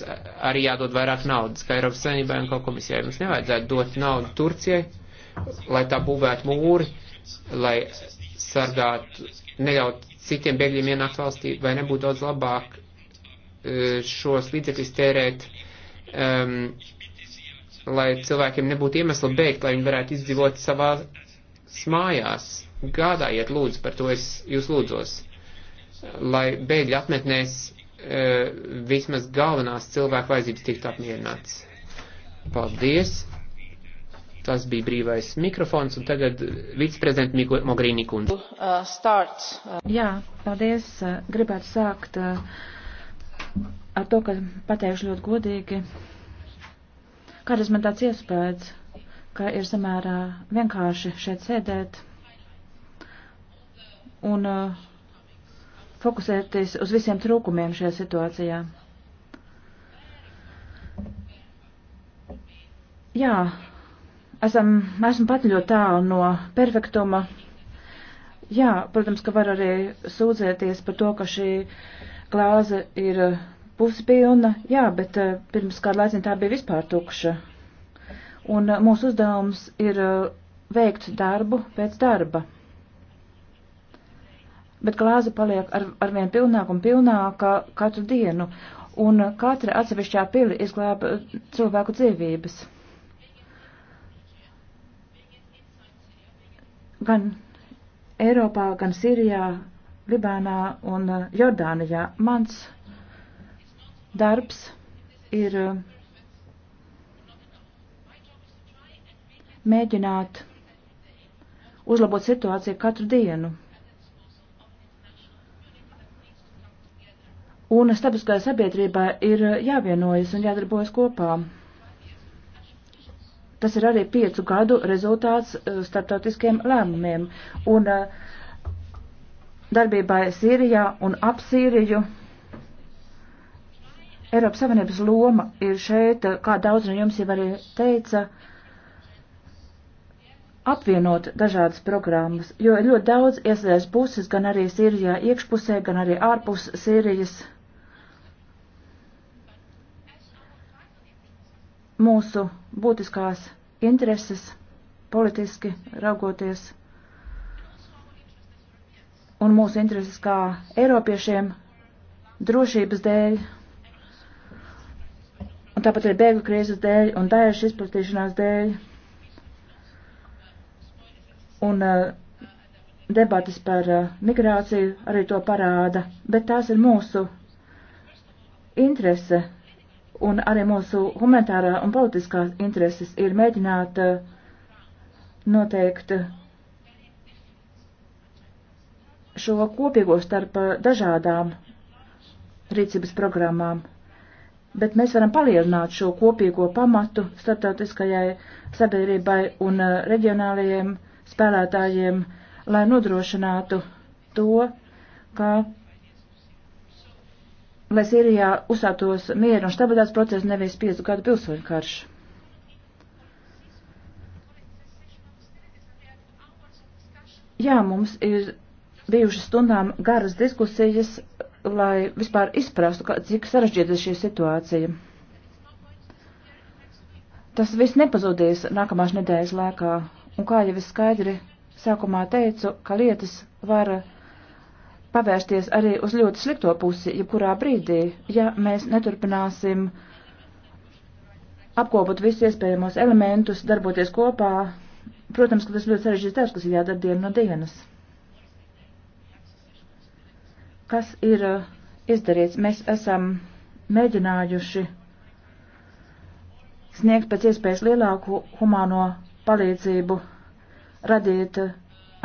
arī jādod vairāk naudas, kā Eiropas Savienībai un kā komisijai. Mums nevajadzētu dot naudu Turcijai, lai tā būvētu mūri, lai sargātu, neļaut citiem bēgļiem ienākt valstī, vai nebūtu daudz labāk e, šos līdzekļus tērēt uh, um, lai cilvēkiem nebūtu iemesla bēgt, lai viņi varētu izdzīvot savās mājās. Gādājiet lūdzu, par to es jūs lūdzos, lai bēgļu apmetnēs uh, vismaz galvenās cilvēku vajadzības tiktu apmierināts. Paldies! Tas bija brīvais mikrofons, un tagad viceprezidenta Mogrīnī kundze. Uh, uh. Jā, paldies. Gribētu sākt. Uh, ar to, ka pateikšu ļoti godīgi, kādas man tāds iespējas, ka ir samērā vienkārši šeit sēdēt un uh, fokusēties uz visiem trūkumiem šajā situācijā. Jā, esam, esmu pat ļoti tālu no perfektuma. Jā, protams, ka var arī sūdzēties par to, ka šī glāze ir puspilna, jā, bet eh, pirms kādu laiciņu tā bija vispār tukša. Un eh, mūsu uzdevums ir eh, veikt darbu pēc darba. Bet glāze paliek ar, arvien pilnāka un pilnāka katru dienu, un katra atsevišķā pili izglāba cilvēku dzīvības. Gan Eiropā, gan Sīrijā, Libānā un Jordānijā mans darbs ir uh, mēģināt uzlabot situāciju katru dienu. Un starptautiskā sabiedrībā ir uh, jāvienojas un jādarbojas kopā. Tas ir arī piecu gadu rezultāts uh, starptautiskiem lēmumiem un darbībai Sīrijā un ap Sīriju. Eiropas Savienības loma ir šeit, kā daudz no jums jau arī teica, apvienot dažādas programmas, jo ir ļoti daudz iesaistās puses, gan arī Sīrijā iekšpusē, gan arī ārpus Sīrijas. Mūsu būtiskās intereses politiski raugoties un mūsu intereses kā Eiropiešiem drošības dēļ un tāpat arī bēgļu krīzes dēļ un daļas izplatīšanās dēļ. Un uh, debatas par uh, migrāciju arī to parāda, bet tās ir mūsu interese un arī mūsu humanitārā un politiskā intereses ir mēģināt uh, noteikt uh, šo kopīgo starp uh, dažādām rīcības programmām bet mēs varam palielināt šo kopīgo pamatu starptautiskajai sabiedrībai un eh, reģionālajiem spēlētājiem, lai nodrošinātu to, ka, lai Sīrijā uzsātos mieru un stabilitātes procesu nevis piecu gadu pilsoņu karš. Jā, mums ir bijušas stundām garas diskusijas lai vispār izprastu, kā, cik sarežģīta ir šī situācija. Tas viss nepazudīs nākamās nedēļas laikā, un kā jau es skaidri sākumā teicu, ka lietas var pavērsties arī uz ļoti slikto pusi, jebkurā brīdī, ja mēs neturpināsim apkopot visus iespējamos elementus, darboties kopā. Protams, ka tas ļoti sarežģīts darbs, kas ir jādara dienu no dienas kas ir uh, izdarīts. Mēs esam mēģinājuši sniegt pēc iespējas lielāku humāno palīdzību, radīt uh,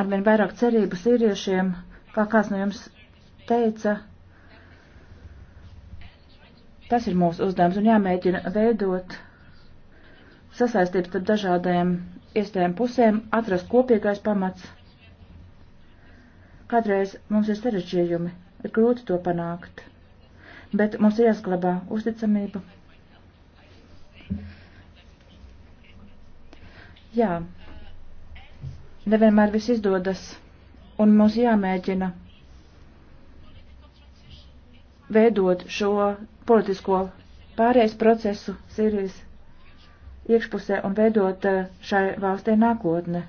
arvien vairāk cerību sīriešiem, kā kāds no jums teica. Tas ir mūsu uzdevums un jāmēģina veidot sasaistības starp dažādajiem iestājām pusēm, atrast kopīgais pamats. Kādreiz mums ir sarežģījumi, ir grūti to panākt, bet mums ir jāsglabā uzticamība. Jā, nevienmēr viss izdodas, un mums jāmēģina veidot šo politisko pārējais procesu Sīrijas iekšpusē un veidot eh, šai valstī nākotne.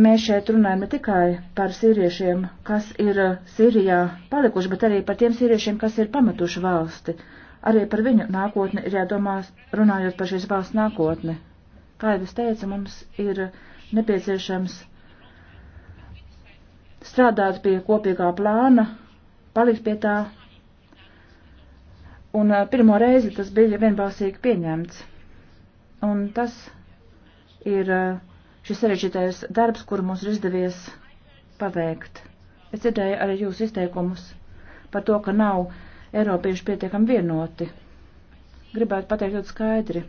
Mēs šeit runājam ne tikai par sīriešiem, kas ir uh, Sīrijā palikuši, bet arī par tiem sīriešiem, kas ir pametuši valsti. Arī par viņu nākotni ir jādomā, runājot par šīs valsts nākotni. Kā jau es teicu, mums ir nepieciešams strādāt pie kopīgā plāna, palikt pie tā. Un uh, pirmo reizi tas bija vienbalsīgi pieņemts. Un tas ir uh, šis sarežģītais darbs, kuru mums ir izdevies paveikt. Es dzirdēju arī jūsu izteikumus par to, ka nav Eiropieši pietiekami vienoti. Gribētu pateikt ļoti skaidri.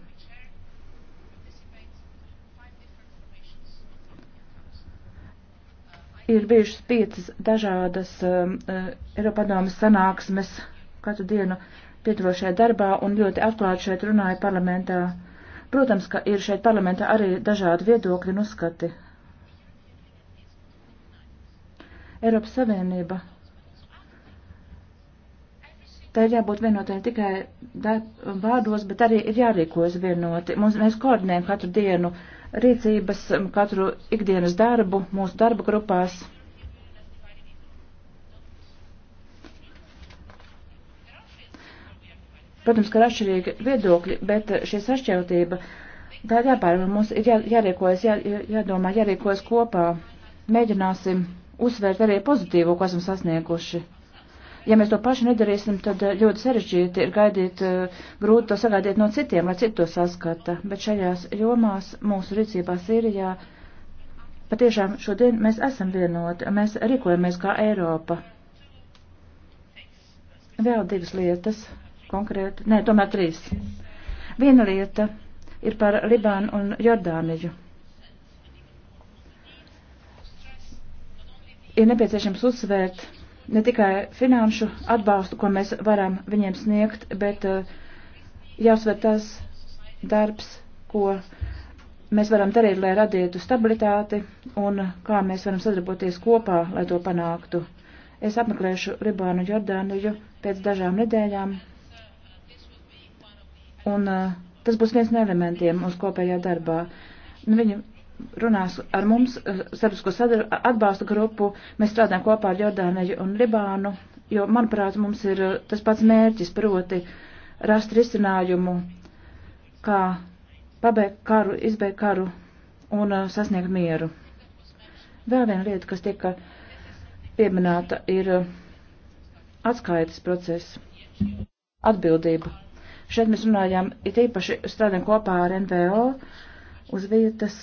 Ir bijušas piecas dažādas um, uh, Eiropadomas sanāksmes katru dienu pieturošajā darbā un ļoti atklāti šeit runāja parlamentā. Uh, Protams, ka ir šeit parlamentā arī dažādi viedokļi un uzskati. Eiropas Savienība. Tā ir jābūt vienotai tikai vārdos, bet arī ir jārīkojas vienoti. Mums, mēs koordinējam katru dienu rīcības, katru ikdienas darbu mūsu darba grupās. Protams, ka ir atšķirīgi viedokļi, bet eh, šī sašķeltība, tā ir jāpārvar, mums ir jā, jārīkojas, jā, jādomā, jārīkojas kopā. Mēģināsim uzsvērt arī pozitīvo, ko esam sasnieguši. Ja mēs to paši nedarīsim, tad eh, ļoti sarežģīti ir gaidīt, eh, grūti to sagaidīt no citiem, lai citi to saskata. Bet šajās jomās mūsu rīcībā Sīrijā patiešām šodien mēs esam vienoti, mēs rīkojamies kā Eiropa. Vēl divas lietas konkrēti. Nē, tomēr trīs. Viena lieta ir par Libānu un Jordāniju. Ir nepieciešams uzsvērt ne tikai finanšu atbalstu, ko mēs varam viņiem sniegt, bet eh, jāuzsver tas darbs, ko mēs varam darīt, lai radītu stabilitāti un kā mēs varam sadarboties kopā, lai to panāktu. Es apmeklēšu Libānu Jordāniju pēc dažām nedēļām Un uh, tas būs viens no elementiem mūsu kopējā darbā. Nu, viņa runās ar mums, uh, eh, starpsko atbalsta grupu, mēs strādājam kopā ar Jordāniju un Libānu, jo, manuprāt, mums ir uh, tas pats mērķis, proti rast risinājumu, kā pabeigt karu, izbeigt karu un uh, sasniegt mieru. Vēl viena lieta, kas tika pieminēta, ir uh, atskaites process, atbildība. Šeit mēs runājām, it īpaši strādājam kopā ar NVO uz vietas,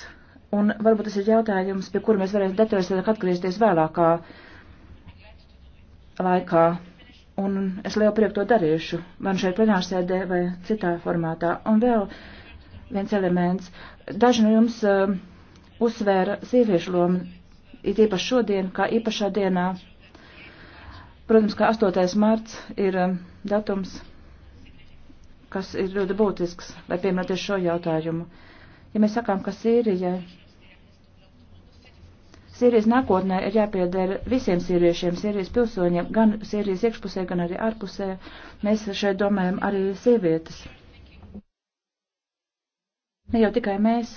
un varbūt tas ir jautājums, pie kura mēs varēsim detalizētāk atgriezties vēlākā laikā. Un es lielu prieku to darīšu, vai šeit plenārsēdē vai citā formātā. Un vēl viens elements. Daži no jums uh, uzsvēra sieviešu lomu, it īpaši šodien, kā īpašā dienā. Protams, ka 8. marts ir um, datums, kas ir ļoti būtisks, lai piemēroties šo jautājumu. Ja mēs sakām, ka Sīrija, Sīrijas nākotnē ir jāpieder visiem sīriešiem, Sīrijas pilsoņiem, gan Sīrijas iekšpusē, gan arī ārpusē, mēs šeit domājam arī sievietes. Ne jau tikai mēs.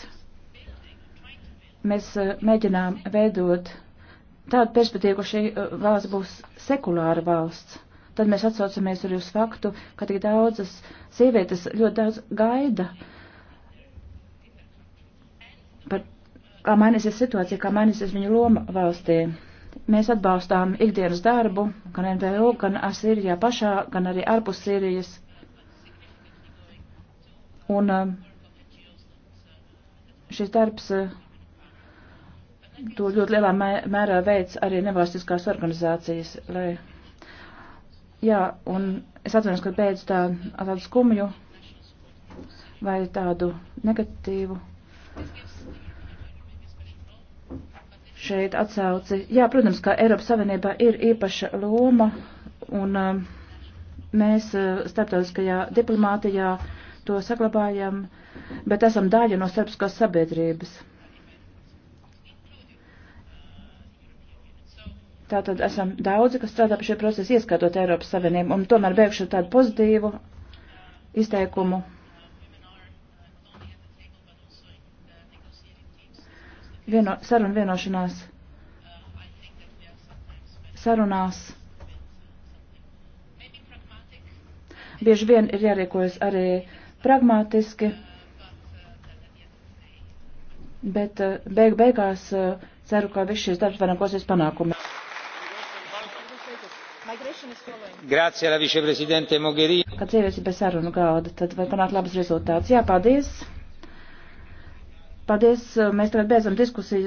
Mēs eh, mēģinām veidot tādu perspektīvu, ka šī eh, valsts būs sekulāra valsts tad mēs atsaucamies arī uz faktu, ka tik daudzas sievietes ļoti daudz gaida par, kā mainīsies situācija, kā mainīsies viņu loma valstī. Mēs atbalstām ikdienas darbu, gan NVO, gan Asīrijā pašā, gan arī ārpus Sīrijas. Un eh, šis darbs eh, to ļoti lielā mērā veids arī nevalstiskās organizācijas, lai Jā, un es atceros, ka beidz tā, tādu skumju vai tādu negatīvu šeit atsauci. Jā, protams, ka Eiropas Savienībā ir īpaša loma un um, mēs uh, starptautiskajā diplomātijā to saglabājam, bet esam daļa no starpskās sabiedrības. Tātad esam daudzi, kas strādā pie šie procesi, ieskatot Eiropas Savienību, un tomēr beigšu tādu pozitīvu izteikumu. Vieno, saruna vienošanās. Sarunās. Bieži vien ir jārīkojas arī pragmatiski, bet eh, beig beigās eh, ceru, ka viss šis darbs varam kosies panākumi. Grācija, la viceprezidente Mogherini. Kad sievietes ir bez sarunu gauda, tad var panākt labus rezultātus. Jā, paldies. Paldies, mēs tagad beidzam diskusiju.